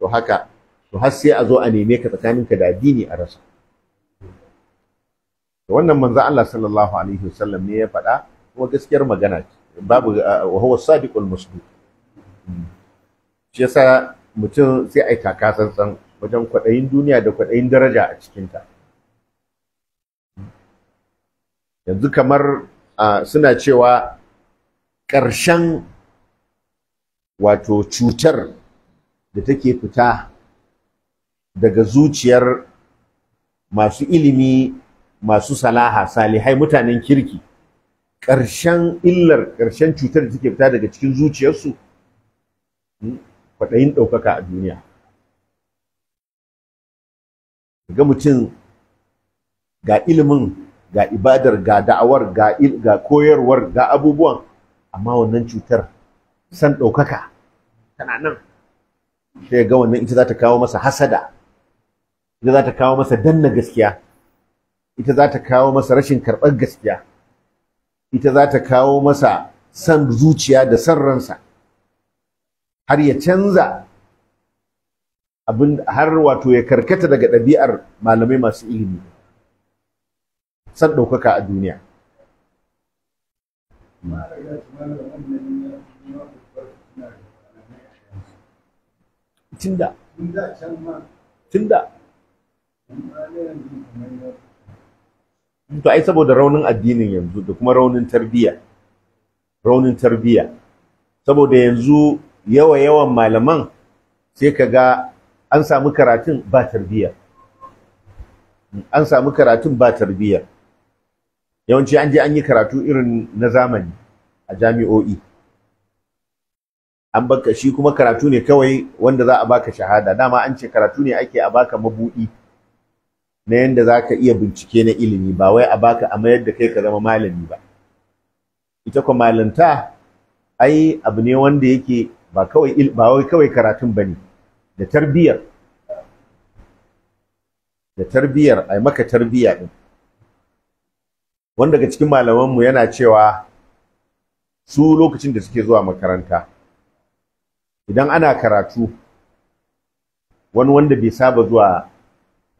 to haka to har sai a zo a neme ka tsakaninka da addini a rasa to wannan manzo Allah sallallahu alaihi wasallam ne ya faɗa kuma gaskiyar magana ce babu wa huwa sadiqul masduq shi yasa mutum sai ai taka tsantsan wajen kwaɗayin duniya da kwaɗayin daraja a cikinta yanzu kamar suna cewa ƙarshen wato cutar da take fita daga zuciyar masu ilimi masu salaha salihai mutanen kirki ƙarshen illar ƙarshen cutar da take fita daga cikin zuciyarsu hmm, kwaɗayin ɗaukaka a duniya ga mutum ga ilimin ga ibadar ga da'awar ga, ga koyarwar ga abubuwan amma wannan cutar san ɗaukaka tana nan sai ga wannan ita za ta kawo masa hasada ita za ta kawo masa danna gaskiya ita za ta kawo masa rashin karɓar gaskiya ita za ta kawo masa san zuciya da san ransa har ya canza abin har wato ya karkata daga ɗabi'ar malamai masu ilimi san ɗaukaka a duniya tunda tunda to ai saboda raunin addinin yanzu da kuma raunin tarbiyya raunin tarbiyya saboda yanzu yawa yawan malaman sai ka ga an samu karatun ba tarbiyya an samu karatun ba tarbiyya yawanci an je an yi karatu irin na zamani a jami'o'i an baka shi kuma karatu ne kawai wanda za a baka shahada dama an ce karatu ne ake a baka mabuɗi na yanda za ka iya bincike na ilimi ba wai a baka a mayar da kai ka zama malami ba ita kuma malanta ai abu ne wanda yake ba kawai ba wai kawai karatun bane da tarbiyar da tarbiyar ai maka tarbiya din wanda daga cikin malamanmu yana cewa su lokacin da suke zuwa makaranta idan ana karatu wani wanda bai saba zuwa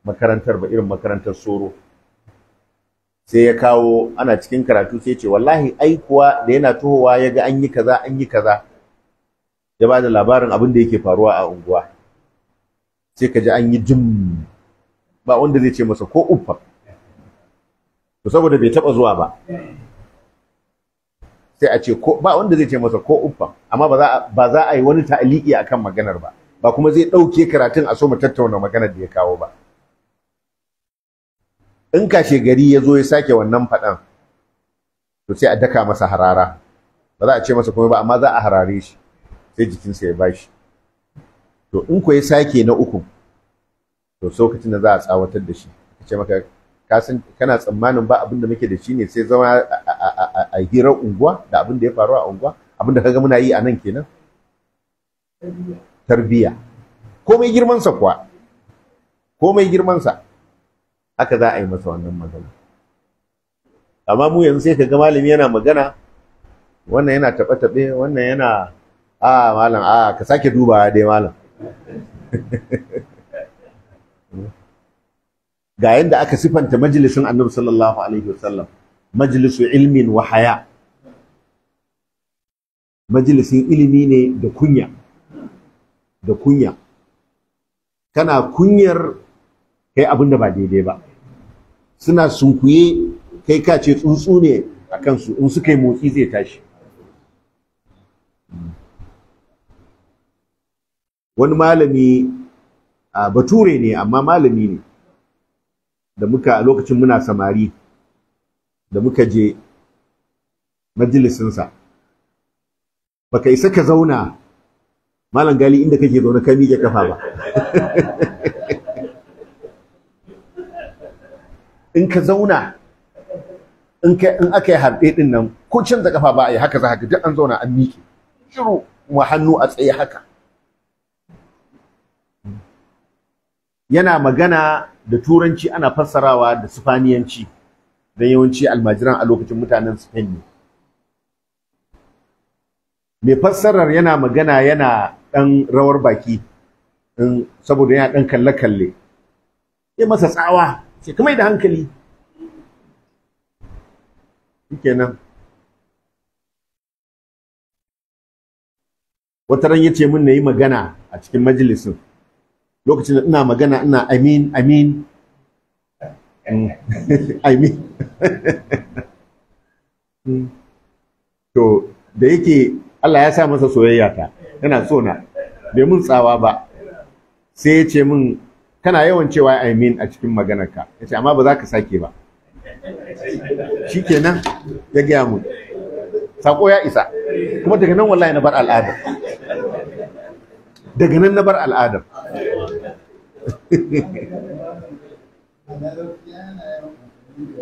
makarantar ba irin makarantar soro sai ya kawo ana cikin karatu sai ce wallahi ai kuwa da yana tohowa ya ga an yi kaza an yi kaza ya ba labarin abin da yake faruwa a unguwa sai ka ji an yi jim ba wanda zai ce masa ko uffa to saboda bai taba zuwa ba sai a ce ko, ba wanda zai ce masa ko uffa amma ba za a yi wani ta'aliki akan maganar ba ba kuma zai ɗauke karatun a so mu tattauna maganar da ya kawo ba in kashe gari ya zo ya sake wannan faɗan to sai a daka masa harara ba za a ce masa komai ba amma za a harare shi sai jikinsa ya bashi to in ko ya sake na uku to lokacin da za a tsawatar da shi kace ce maka kasan kana tsammanin ba abin da muke da shi ne sai zama a hirar unguwa da abin ya faru a unguwa abin kaga muna yi a nan kenan tarbiya komai girmansa kuwa komai girmansa haka za a yi masa wannan magana amma mu yanzu sai ka ga malami yana magana wannan yana taɓe taɓe wannan yana a malam a ka sake dubawa dai malam ga yadda aka sifanta majalisin annabi sallallahu alaihi wasallam majalisu ilmin wa haya majalisin ilimi ne da kunya da kunya kana kunyar kai abin da ba daidai ba suna sunkuye kai ka ce tsuntsu ne a kansu in suka yi motsi zai tashi wani malami a bature ne amma malami ne da muka a lokacin muna samari da muka je majalisinsa baka isa ka zauna malam gali inda kake zaune ka miƙe kafa ba in ka zauna in aka yi harɗe ɗin nan ko canza kafa ba a yi haka za ka duk an zauna an miƙe shiru wa hannu a tsaye haka yana magana da turanci ana fassarawa da sifaniyanci don yawanci almajiran a lokacin mutanen spain ne mai fassarar yana magana yana ɗan rawar baki saboda yana ɗan kalle-kalle ya masa tsawa sai ka da hankali wata ran yace min na yi magana a cikin majalisin lokacin da ina magana ina amin amin mean to da yake Allah ya sa masa soyayya ta yana so na bai mun tsawa ba sai yace ce min kana yawan cewa I mean a cikin maganarka ce amma ba za ka sake ba shikenan ya gaya mu sako ya isa kuma daga nan wallahi na bar al'adar daga nan na bar al'adar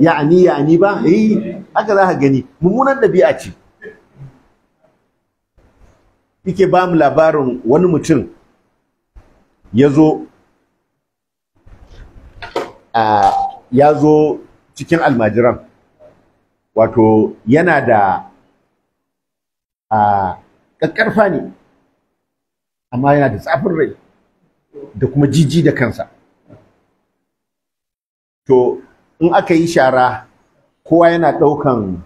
ya'ani ya'ani ba eh aka za ka gani mummunan dabi'a ce yake ba mu labarin wani mutum ya zo ya zo cikin almajiran wato yana da ƙaƙƙarfa ne amma yana da tsafin rai da kuma jiji da kansa to in aka yi shara kowa yana ɗaukan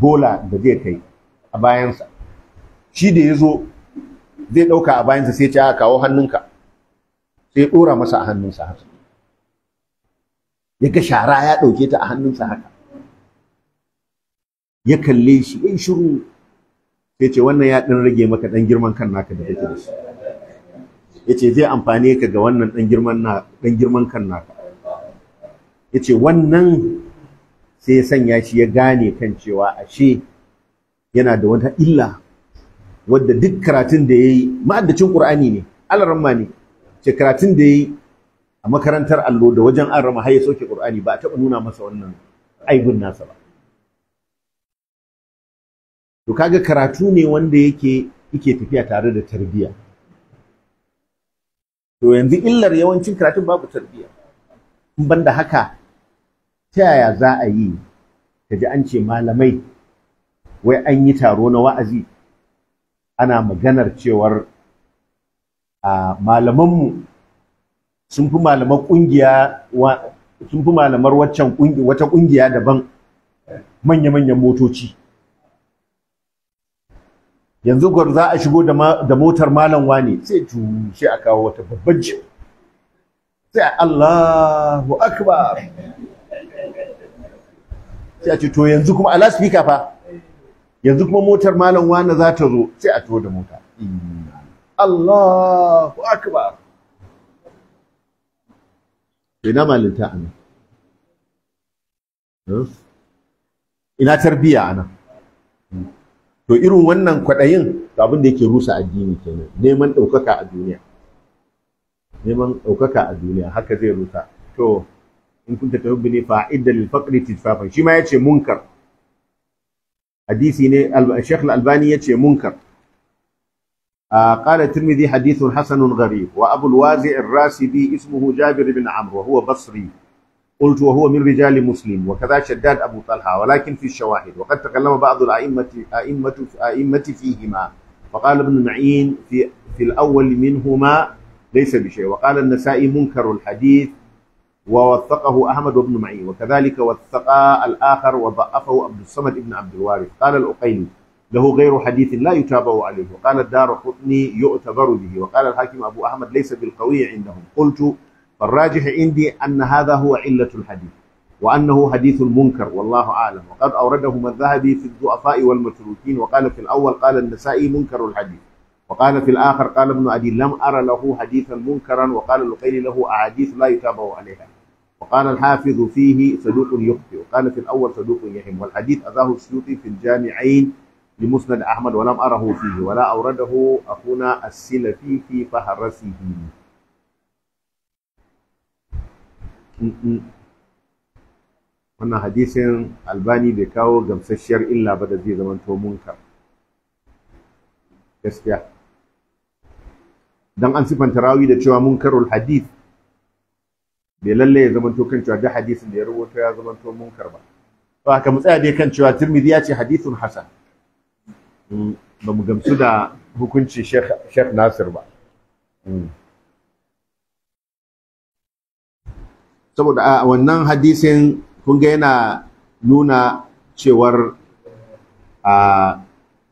bola da zai kai a bayansa shi da ya zo zai ɗauka a bayansa sai ya kawo hannunka sai ya ɗora masa a hannunsa haka ya ga shara ya ɗauke ta a hannunsa haka ya kalle shi ya shiru sai ce wannan ya ɗan rage maka ɗan girman kan naka da kake da shi ya ce zai amfani ka ga wannan ɗan girman kan naka ya ce wannan sai ya sanya shi ya gane kan cewa ashe yana da wata illa wadda duk karatun da ya yi ma'addacin ƙur'ani ne alaramma ne ce karatun da ya yi a makarantar allo da wajen an rama har ya soke qur'ani ba a taɓa nuna masa wannan aibin nasa ba to kaga karatu ne wanda yake yake tafiya tare da tarbiyya to yanzu illar yawancin karatun babu tarbiyya in da haka ta yaya za a yi ka ji an ce malamai wai an yi taro na wa'azi ana maganar cewar a malamanmu sun fi malamar kungiya sun fi malamar waccan wata kungiya daban manya-manyan motoci yanzu gwar za a shigo da motar malam wane sai tushe a kawo wata babban jin sai Allahu akbar sai a ce to yanzu kuma ala speaker fa yanzu kuma motar malam wane za ta zo sai a to da mota Allahu akbar ina malinta a nan ina tarbiya a nan to irin wannan kwaɗayin abin da yake rusa addini kenan neman ɗaukaka a duniya neman ɗaukaka a duniya haka zai rusa to in kunta tahubbini fa idda lil faqri tidfafan shi ma yace munkar hadisi ne Sheikh Al-Albani yace munkar آه قال الترمذي حديث حسن غريب وأبو الوازع الراسبي اسمه جابر بن عمرو وهو بصري قلت وهو من رجال مسلم وكذا شداد أبو طلحة ولكن في الشواهد وقد تكلم بعض الأئمة أئمة أئمة فيهما فقال ابن معين في في الأول منهما ليس بشيء وقال النسائي منكر الحديث ووثقه أحمد بن معين وكذلك وثق الآخر وضعفه عبد الصمد بن عبد الوارث قال الأقيلي له غير حديث لا يتابع عليه وقال الدار قطني يؤتبر به وقال الحاكم أبو أحمد ليس بالقوي عندهم قلت فالراجح عندي أن هذا هو علة الحديث وأنه حديث المنكر والله أعلم وقد أوردهما الذهبي في الضعفاء والمتروكين وقال في الأول قال النسائي منكر الحديث وقال في الآخر قال ابن أبي لم أرى له حديثا منكرا وقال لقيل له أحاديث لا يتابع عليها وقال الحافظ فيه صدوق يخطئ وقال في الأول صدوق يهم والحديث أذاه السيوطي في الجامعين لمسند أحمد ولم أره فيه ولا أورده أخونا السلفي في فهرسه wannan hadisin albani bai kawo gamsasshiyar illa ba da zai zamanto munkar gaskiya Don an sifanta rawi da cewa munkarul hadis, bai lalle ya zamanto kan cewa duk hadisin da ya rubuta ya zamanto munkar ba to haka mu tsaya dai kan cewa Tirmidhi ya ce hadithun hasan ba mu gamsu da hukunci Sheikh Nasir ba. Hmm. Saboda a wannan hadisin kun ga yana nuna cewar a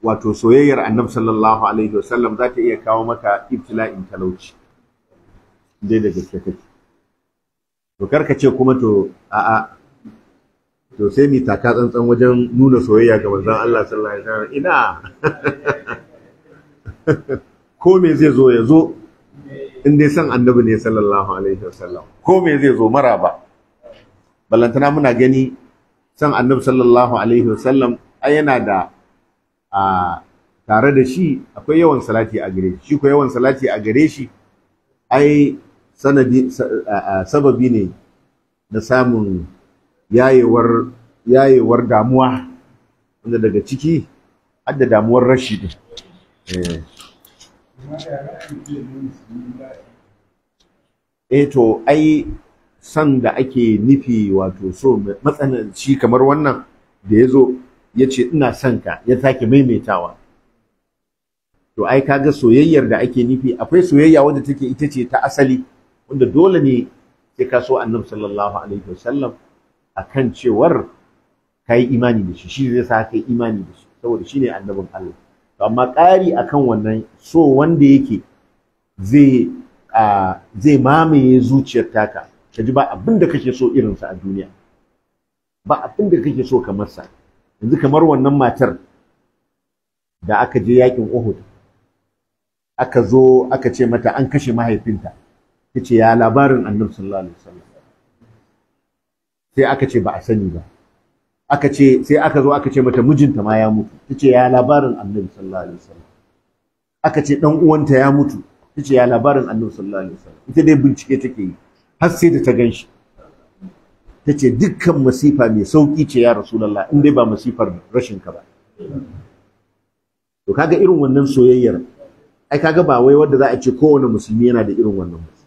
wato soyayyar annabi sallallahu alaihi wasallam za ta iya kawo maka ibtila'in talauci dai da gaske kake to karka ce kuma to a'a to sai mi taka tsantsan wajen nuna soyayya ga manzon Allah sallallahu alaihi wasallam ina ko me zai zo ya zo in dai san annabi ne sallallahu alaihi wasallam ko me zai zo maraba ballantana muna gani san annabi sallallahu alaihi wasallam ai yana da a tare da shi akwai yawan salati a gare shi ko yawan salati a gare shi ai sanadi sababi ne na samun yayewar yayewar damuwa wanda daga ciki har da damuwar rashi din eh, eh to ai san da ake nufi wato so matsananci kamar wannan da ya zo ya ina son ka ya sake maimaitawa to ai kaga soyayyar da ake nufi akwai soyayya wanda take ita ce ta asali wanda dole ne sai ka so annabi sallallahu alaihi wasallam akan cewar kai imani da shi shi zai sa kai imani da shi saboda shine annabin Allah to amma ƙari akan wannan so wanda yake zai zai mamaye zuciyar taka ka ji ba abin da kake so irinsa a duniya ba abin da kake so kamar sa yanzu kamar wannan matar da aka je yakin Uhud aka zo aka ce mata an kashe mahaifinta kace ya labarin Annabi sallallahu alaihi wasallam sai aka ce ba a sani ba aka ce sai aka zo aka ce mata mijinta ma ya mutu tace ya labarin annabi sallallahu alaihi wasallam aka ce dan uwanta ya mutu tace ya labarin annabi sallallahu alaihi wasallam ita dai bincike take yi har sai da ta ganshi tace dukkan masifa mai sauki ce ya rasulullah in dai ba masifar rashin ka ba to kaga irin wannan soyayyar ai kaga ba wai wanda za a ce kowane musulmi yana da irin wannan musulmi.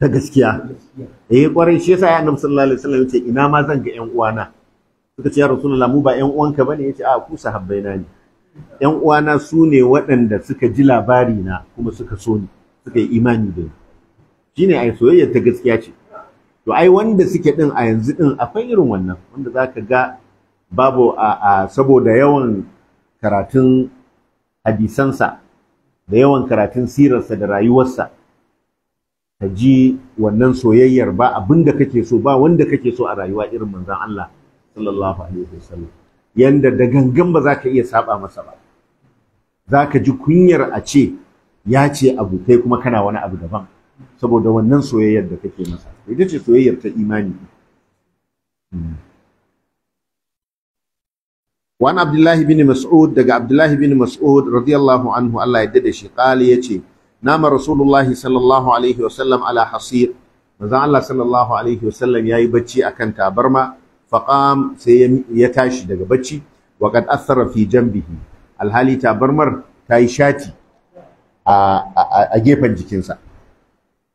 ta gaskiya eh kwarai shi yasa ya annabi sallallahu alaihi wasallam yace ina ma zan ga ƴan uwana suka ce ya rasulullah mu ba ƴan uwanka bane yace a ku sahabbaina ne ƴan uwana su ne waɗanda suka ji labari na kuma suka so ni suka yi imani da ni shine ai soyayya ta gaskiya ce to ai wanda suke din a yanzu din akwai irin wannan wanda zaka ga babu a saboda yawan karatun hadisansa da yawan karatun sirarsa da rayuwarsa ka ji wannan soyayyar ba abin da kake so ba wanda kake so a rayuwa irin manzon Allah sallallahu alaihi wasallam yanda da gangan ba za ka iya saba masa ba za ka ji kunyar a ce ya ce abu kai kuma kana wani abu daban saboda wannan soyayyar da kake masa ita ce soyayyar ta imani وعن عبد الله بن مسعود دقى عبد الله بن مسعود رضي الله عنه الله يدد شي ce. nama rasulullahi sallallahu alaihi wasallam ala hasir manzon Allah sallallahu alaihi wasallam yayi bacci akan tabarma faqam sai ya tashi daga bacci wa qad athara fi janbihi alhali tabarmar tayi shati a gefen jikinsa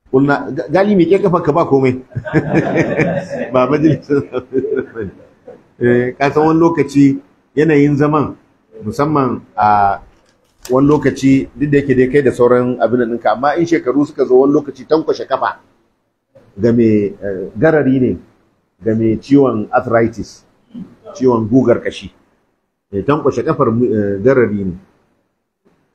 kulna gali me ke kafa ka ba komai ba majalisar eh, ka san wani lokaci yanayin zaman musamman a wani lokaci duk da yake dai kai da sauran abin da ɗinka amma in shekaru suka zo wani lokaci tankwashe kafa ga mai eh, garari ne ga mai ciwon arthritis ciwon gugar kashi mai eh, tankwashe kafar eh, garari ne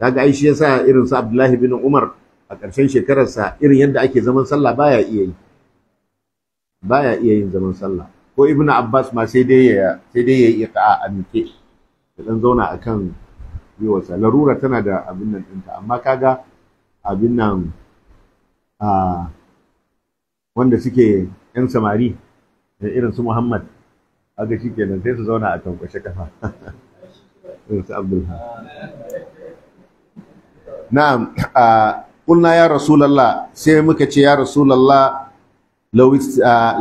Ta ga aishi shi yasa irin sa Abdullahi bin Umar a ƙarshen shekararsa irin yadda ake zaman sallah baya iya yi baya iya yin zaman sallah ko Ibn Abbas ma sai dai ya sai dai ya yi a mike ya dan zauna akan yiwarsa larura tana da abin nan ɗinta amma kaga abin nan a wanda suke yan samari da irin su muhammad aga shi kenan sai su zauna a tankwashe kafa irin su abdulha na'am a kulna ya rasulallah sai muka ce ya rasulallah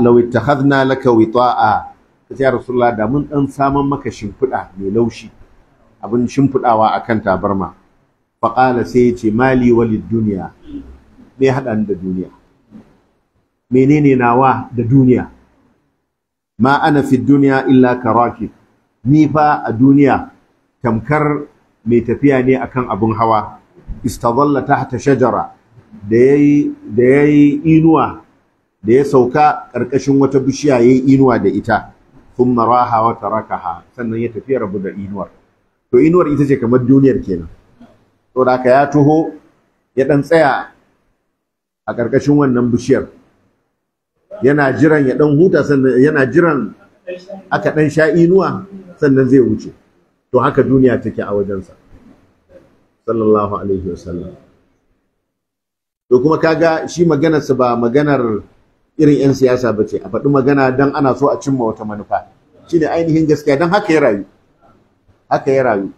law ittakhadna laka wita'a ya rasulallah da mun dan saman maka shimfiɗa mai laushi abin shimfiɗawa a kan tabarma faƙala sai ya ce mali walid duniya me haɗa da duniya menene nawa da duniya ma ana fi duniya illa karaki ni fa a duniya tamkar mai tafiya ne akan abin hawa istadalla tahta shajara da ya yi inuwa da ya sauka ƙarƙashin wata bishiya ya yi inuwa da ita kuma raha wata rakaha sannan ya tafi rabu da inuwar to inuwar ita ce kamar duniyar kenan to da ka ya taho ya dan tsaya a ƙarƙashin wannan bishiyar yana jiran ya dan huta sannan yana jiran aka dan sha inuwa sannan zai wuce to haka duniya take a wajensa sallallahu alaihi wasallam to kuma kaga shi maganarsa ba maganar irin 'yan siyasa ba ce a faɗi magana dan ana so a cimma wata manufa shine ainihin gaskiya dan haka ya rayu haka ya rayu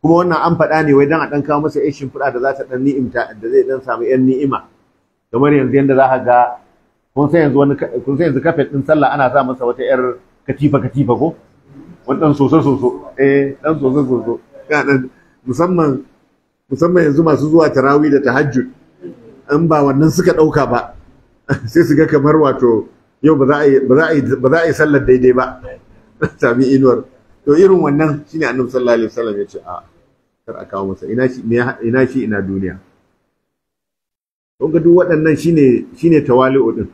kuma wannan an faɗa ne wai dan a ɗan kawo masa ishin shimfiɗa da za ta ɗan ni'imta da zai ɗan samu yan ni'ima kamar yanzu yanda za ka ga kun san yanzu wani kun san yanzu kafet ɗin sallah ana sa masa wata yar katifa katifa ko wani ɗan soso soso eh ɗan soso soso musamman musamman yanzu masu zuwa tarawi da tahajjud in ba wannan suka ɗauka ba sai su ga kamar wato yau ba za a yi sallar daidai ba sami inuwar to irin wannan shine annabi sallallahu alaihi wasallam ya ce a kar a kawo masa ina shi ina shi ina duniya kun ga duk waɗannan shine shine tawali'u din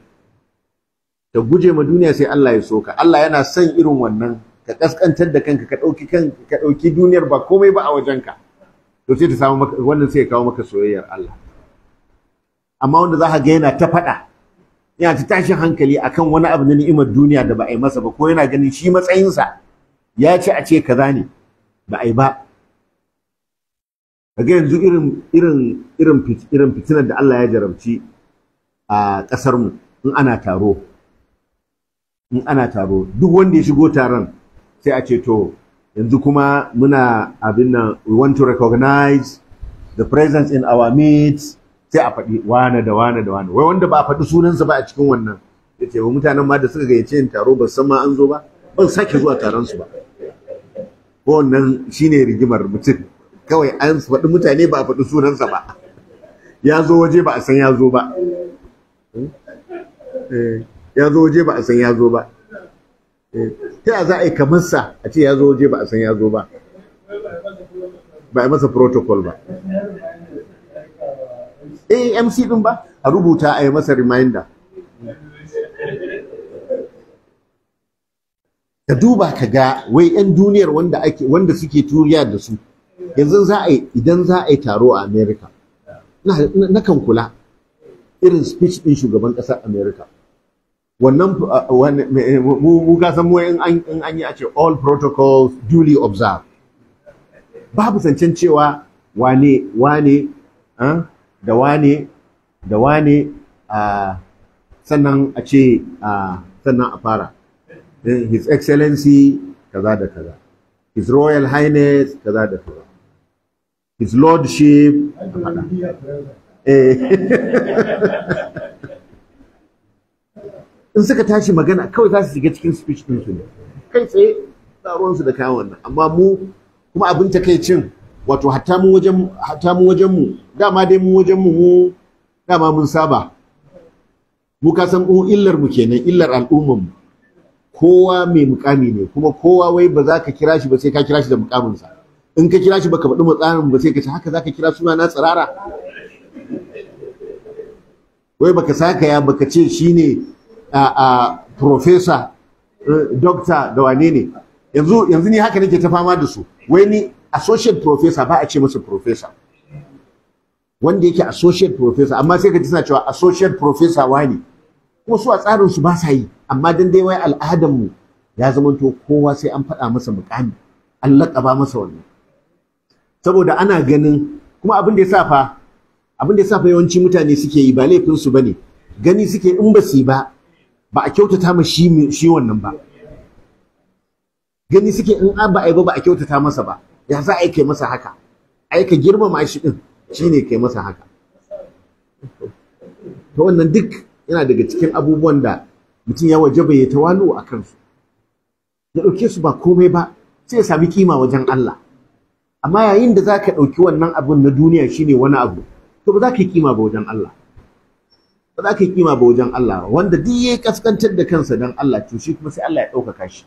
ta guje ma duniya sai Allah ya soka Allah yana son irin wannan ka kaskantar da kanka ka ɗauki kanka ka dauki duniyar ba komai ba a wajenka to sai ta samu maka wannan sai ya kawo maka soyayyar Allah amma wanda za ka ga yana ta faɗa yana ta tashin hankali akan wani abu na ni'imar duniya da ba a yi masa ba ko yana ganin shi matsayinsa ya ce a ce kaza ne ba ai ba kaga yanzu irin irin fitinar da Allah ya jaramci a ƙasar in ana taro in ana taro duk wanda ya shigo taron sai a ce to yanzu kuma muna abin nan we want to recognize the presence in our midst sai a faɗi wane da wane da wane wai wanda ba a faɗi sunansa ba a cikin wannan ya ce wa mutanen ma da suka gayyace ni taro ba san ma an zo ba ban sake zuwa taron su ba wannan shi ne rigimar mutum kawai an faɗi mutane ba a faɗi sunansa ba ya zo waje ba a san ya zo ba eh, ya zo waje ba a san ya zo ba eh, ta ya za a yi kamar sa a ce ya zo waje ba a san ya zo ba ba a masa protocol ba eh mc din ba a rubuta a yi masa reminder ka duba ka ga wai 'yan duniyar wanda ake wanda suke turiya da su yanzu za a idan za a yi taro a America na kan kula irin speech din shugaban ƙasar America wannan uh, mu ga san mu in an yi a ce all protocols duly observed babu zancen cewa wane wane ah, da wane da wane ah, sannan a ce ah, sannan a fara his excellency kaza da kaza his royal highness kaza da kaza his lordship eh. in suka tashi magana kawai za su shiga cikin speech su ne kai tsaye tsaronsu da kayan wannan amma mu kuma abin takaicin wato hatta mu wajen hatta mu wajen mu dama dai mu wajen mu mu dama mun saba mu ka san illar mu kenan illar al'ummar mu kowa mai mukami ne kuma kowa wai ba za ka kira shi ba sai ka kira shi da mukaminsa in ka kira shi ba baka faɗi matsarin ba sai ka ce haka za ka kira suna na tsirara wai baka saka ya baka ce shi a a professor eh, doctor da wane ne yanzu ni haka nake ta fama da su wai ni associate professor ba a ce masa professor wanda yake associate professor amma sai ka ji suna cewa associate professor wani kuma su a tsarin su ba sa yi amma dan dai wai al'adan mu ya zamanto kowa sai an faɗa masa mukami an laƙaba masa wannan saboda ana ganin kuma abin da ya sa fa abin da ya fa yawanci mutane suke yi ba laifin su bane gani suke in ba su ba ba a kyautata ma shi shi wannan ba gani suke in an ba a yi ba ba a kyautata masa ba ya za a yi kai masa haka ai ka girmama shi din shine kai masa haka to wannan duk yana daga cikin abubuwan da mutum ya waje bai tawalu a kansu ya ɗauke su ba komai ba sai ya sami kima wajen Allah amma yayin da zaka ɗauki wannan abun na duniya shine wani abu to ba za ka yi kima ba wajen Allah ba za ka yi kima ba wajen Allah wanda duk ya kaskantar da kansa don Allah to shi kuma sai Allah ya ɗaukaka shi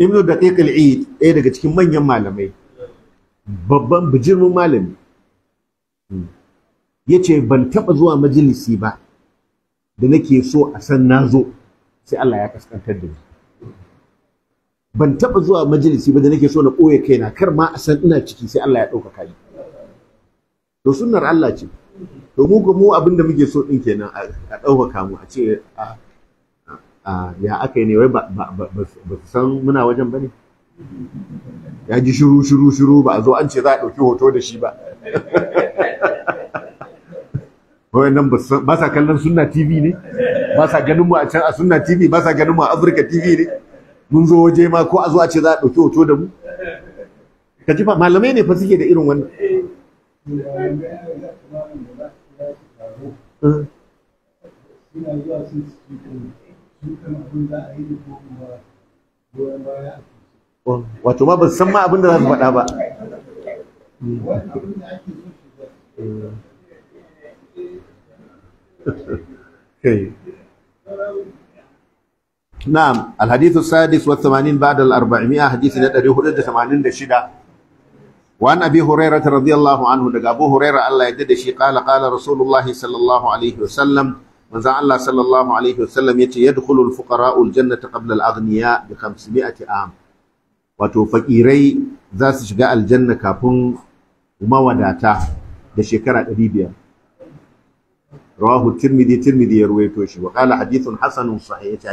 Ibn Daqiq al-Eid ɗaya daga cikin manyan malamai babban bijirmin malami yace ban taɓa zuwa majalisi ba da nake so a san na zo sai Allah ya kaskantar da ni ban taɓa zuwa majalisi ba da nake so na kai na, kar ma a san ina ciki sai Allah ya ɗaukaka ni to sunnar Allah ce to mu ga mu abin da muke so ɗin kenan a ɗaukaka mu a ce ya aka yi ne wai ba su san muna wajen ba ne ya ji shiru shiru shiru ba zo an ce za a ɗauki hoto da shi ba wayannan ba sa kallon sunna tv ne ba sa ganin mu a can a sunna tv ba sa ganin mu a Afirka tv ne mun zo waje ma ko a zuwa ce za a ɗauki hoto da mu ka ji fa malamai ne fa suke da irin wannan eh. wato ma ba san ma abin da za su faɗa ba hmm. na'am alhadithu sadis wa 80 ba'da al-400 hadisi na 486 وعن ابي هريره رضي الله عنه دغ ابو هريره الله يدد شي قال قال رسول الله صلى الله عليه وسلم من الله صلى الله عليه وسلم يتي يدخل الفقراء الجنه قبل الاغنياء ب 500 عام wato fakirai za su shiga aljanna kafin mawadata da shekara 500 rawahu tirmidhi tirmidhi ya ruwaito shi wa qala hadithun hasanun sahih yace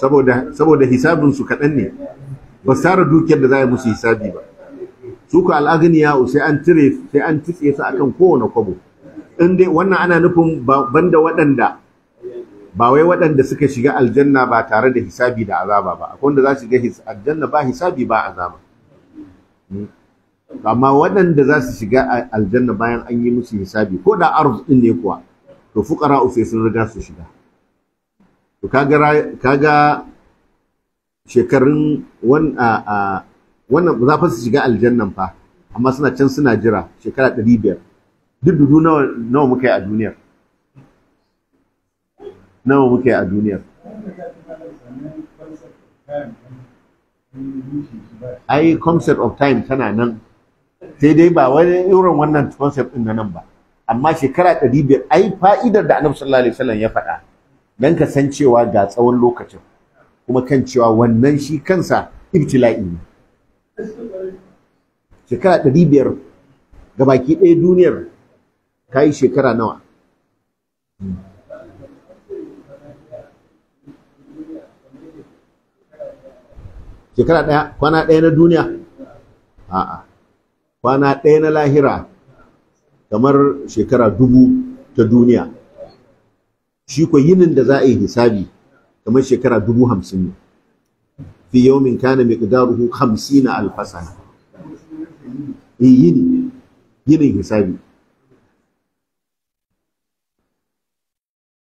saboda saboda hisabin su kadan ne ba sara dukiyar da za a musu hisabi ba su ka al'agniya sai an tire sai an titse su akan kowane kwabo in dai wannan ana nufin banda waɗanda ba wai waɗanda suka shiga aljanna ba tare da hisabi da azaba ba akwai wanda za su shiga aljanna ba hisabi ba azaba hmm. amma waɗanda za su shiga aljanna bayan an yi musu hisabi ko da arz din ne kuwa to fukara ufe sun riga su shiga to kaga shekarun wannan za fa su shiga aljannan fa amma suna can suna jira shekara ɗari biyar duk dudu nawa muka yi a duniyar nawa muka yi a duniyar ai concept of time tana nan sai dai ba wani irin wannan concept din nan ba amma shekara 500 ai fa'idar da Annabi sallallahu alaihi wasallam ya faɗa dan ka san cewa ga tsawon lokacin kuma kan cewa wannan shi kansa ibtila'i ne shekara ga baki ɗaya duniyar ka yi shekara nawa shekara ɗaya kwana ɗaya na duniya a'a kwana ɗaya na lahira kamar shekara dubu ta duniya shi ko yinin da za a yi hisabi kamar shekara dubu hamsin ne fi yawmin kana miqdaruhu hamsina alfasana e, yini yinin hisabi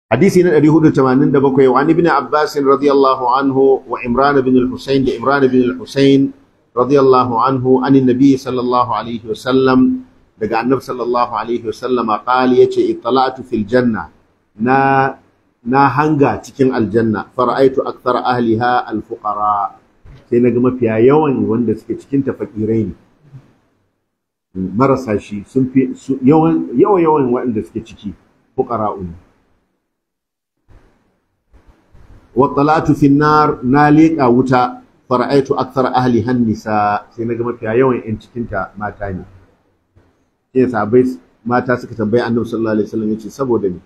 حديث هنا أبي wa تمانين دبكوا وعن ابن عباس رضي الله عنه وعمران بن الحسين لإمران بن Husayn. radiyallahu anhu anin nabi sallallahu alaihi wasallam daga annabi sallallahu alaihi wasallama qali yace ittala'tu fil janna na na hanga cikin aljanna fara'aitu akthar ahliha alfuqara sai naga mafiya yawan wanda suke cikin tafakirai ne marasa shi sun fi yawan yawan yawan waɗanda suke ciki fuqara'u wa talatu fin nar na leƙa wuta fara'aitu akthar ahli hannisa sai naga mafiya yawan yan cikin ta mata ne sai sahabbai mata suka tambayi annabi sallallahu alaihi wasallam yace saboda ne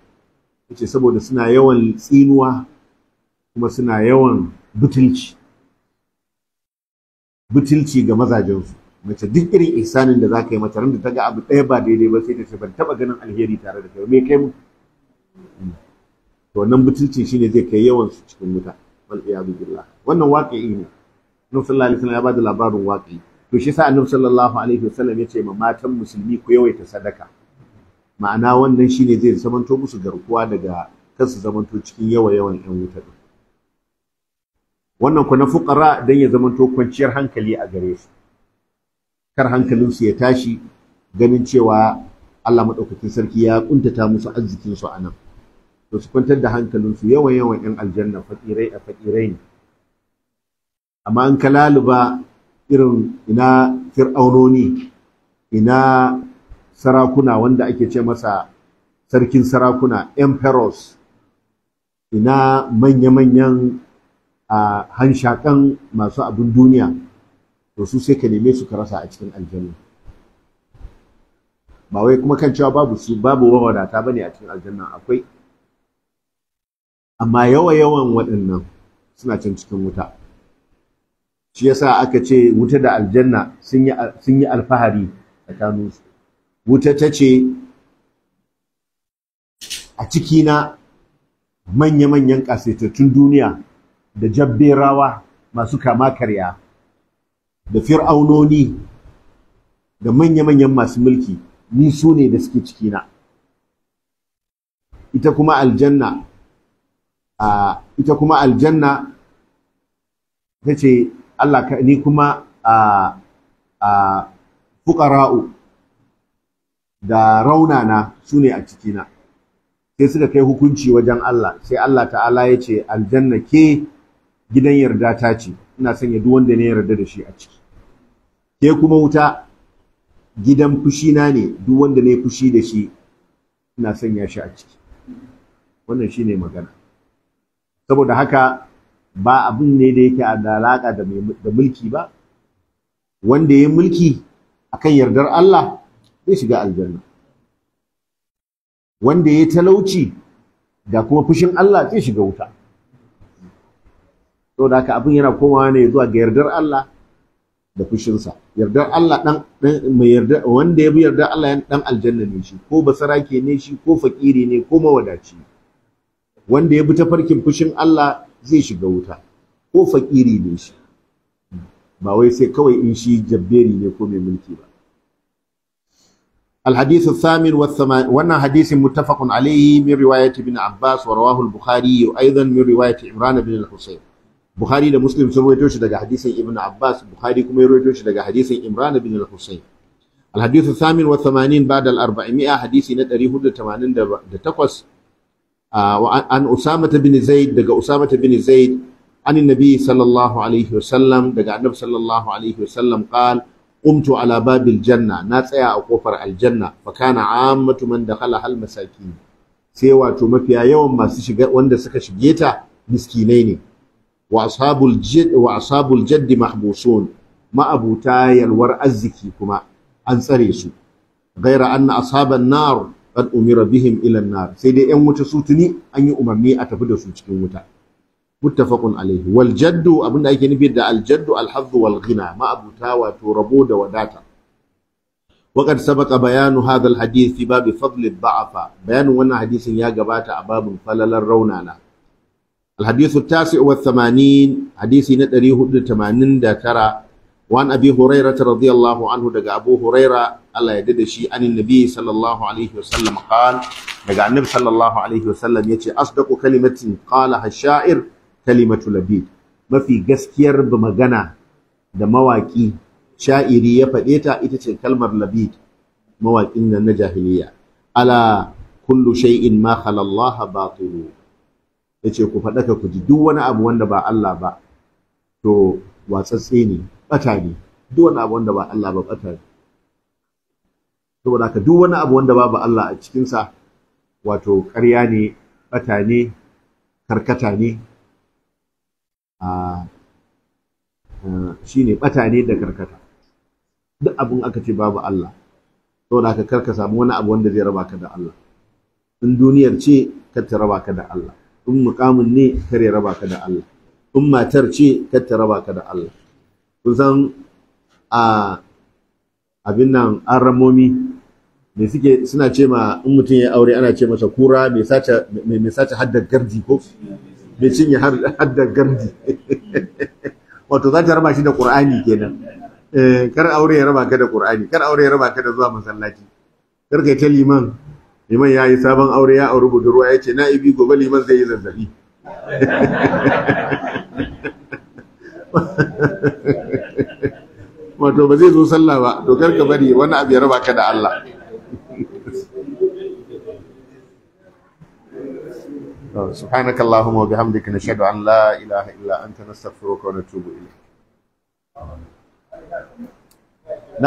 yace saboda suna yawan tsinuwa kuma suna yawan butulci butulci ga mazajensu mace duk irin ihsanin da zaka yi mata ran da ta ga abu ɗaya ba daidai ba sai ta ce ban taɓa ganin alheri tare da kai me kai mu hmm. to wannan butulcin shine zai kai yawan su cikin wuta wal iyadu billah wannan waqi'i ne Annabi sallallahu alaihi wasallam ya bada labarin waƙi to shi yasa Annabi sallallahu alaihi wasallam ya ce ma matan musulmi ku yawaita sadaka ma'ana wannan shine zai zamanto musu garkuwa daga kansu zamanto cikin yawa yawan ƴan wuta wannan ku na fuqara dan ya zamanto kwanciyar hankali a gare su kar hankalin su ya tashi ganin cewa Allah madaukakin sarki ya kuntata musu arzikin su anan to su kwantar da hankalin su yawan yawan 'yan aljanna fakirai a fakirai ne amma an kalalu ba, irin ina fir'aunoni ina sarakuna wanda ake ce masa sarkin sarakuna emperors ina manya-manyan a hanshakan masu abin duniya to su sai ka neme su ka rasa a cikin aljanna ba wai kuma kan cewa babu su babu wawadata ba ne a cikin aljanna akwai amma yawa-yawan waɗannan suna can cikin wuta shi yasa aka ce wuta da aljanna sun yi alfahari su wuta ta ce a cikina manya-manyan kasaitattun duniya da jabberawa masu kama karya da fir'aunoni da manya-manyan masu mulki ni su ne da suke cikina ita kuma aljanna ita kuma aljanna ta ce Allah ka ni kuma a a fuqara'u da raunana su ne a cikina sai suka kai hukunci wajen Allah sai Allah ta'ala ya ce aljanna ke gidan yarda ta ce ina sanya duk wanda ne yarda da shi a ciki ke kuma wuta gidan fushina ne duk wanda ne fushi da shi ina sanya shi a ciki wannan shine magana saboda haka ba abin ne da yake da alaƙa da mulki ba wanda ya mulki akan yardar Allah zai shiga aljanna wanda ya talauci da kuma fushin Allah zai shiga wuta da haka abin yana komawa ne zuwa ga yardar Allah da fushinsa yardar Allah dan mai yarda wanda ya bi yardar Allah yan dan aljanna ne shi ko basarake ne shi ko fakiri ne ko mawadaci wanda ya bi tafarkin fushin Allah zai shiga wuta ko fakiri ne shi ba wai sai kawai in shi jabberi ne ko mai mulki ba الحديث الثامن والثمان وانا حديث متفق عليه من رواية ابن عباس ورواه البخاري ايضا من رواية عمران بن الحسين بخاري ده مسلم سرويته شي daga hadisin ibn abbas bukhari kuma yaroito shi daga hadisin imran bin al-husayn الحديث الثامن والثمانين بعد الأربعمائة حديث ندري هدى تمانين دتقص an Usama bin Zaid daga Usama bin Zaid an Nabi sallallahu alaihi wasallam daga Annabi sallallahu alaihi wasallam qal qumtu ala babil janna na tsaya a kofar aljanna fa kana ammatu man dakhala hal masakin sai wato mafiya yawan masu shiga wanda suka shige ta miskinai ne wa ashabul jadd wa ashabul jadd mahbusun ma'abuta yalwar arziki kuma an tsare su Gaira anna ashaban nar qad umira bihim ila nar sai dai yan wuta su tuni an yi umarni a tafi da su cikin wuta muttafaqun alaihi wal jaddu abinda ake nufi da al jaddu al hadd wal ghina ma abuta wato rabo da wadata وقد سبق بيان هذا الحديث في باب فضل الضعفاء بيان وانا حديث يا جبات باب فلل الرونانا الحديث التاسع والثمانين حديث ندري هد تمانين داترا وعن أبي هريرة رضي الله عنه دقى أبو هريرة Allah ya da shi anin nabi sallallahu alaihi wa sallam qal daga annabi sallallahu alaihi wa sallam yace asdaqu kalimatin qala hashair kalimatu labid mafi gaskiyar magana da mawaki sha'iri ya faɗe ta ita ce kalmar labid mawakin nan na jahiliya ala kullu shay'in ma khala Allah batilu yace ku faɗaka ku ji duk wani abu wanda ba Allah ba to watsatse ne bata ne duk wani abu wanda ba Allah ba bata ne saboda ka duk wani abu wanda babu Allah a cikinsa wato ƙarya ne ɓata ne karkata ne a shi ne ɓata ne da karkata duk abin aka ce babu Allah saboda haka kar samu wani abu wanda zai raba ka da Allah in duniyar ce kar ta raba ka da Allah in mukamin ne kar ya raba ka da Allah in matar ce kar ta raba ka da Allah kun san a abin nan ramomi me suke suna ce ma in mutum ya aure ana ce masa kura me sace me sace haddar gardi ko Me cinye haddar gardi wato za ta raba shi da qur'ani kenan eh, kar aure ya raba ka da qur'ani kar aure ya raba ka da zuwa masallaci kar kai ta liman liman ya yi sabon aure ya auri budurwa ya ce na'ibi gobe liman zai yi zazzabi wato ba zai zo sallah ba Dokar ka bari wani abu ya raba ka da Allah سبحانك اللهم وبحمدك نشهد لا نستغفرك ونتوب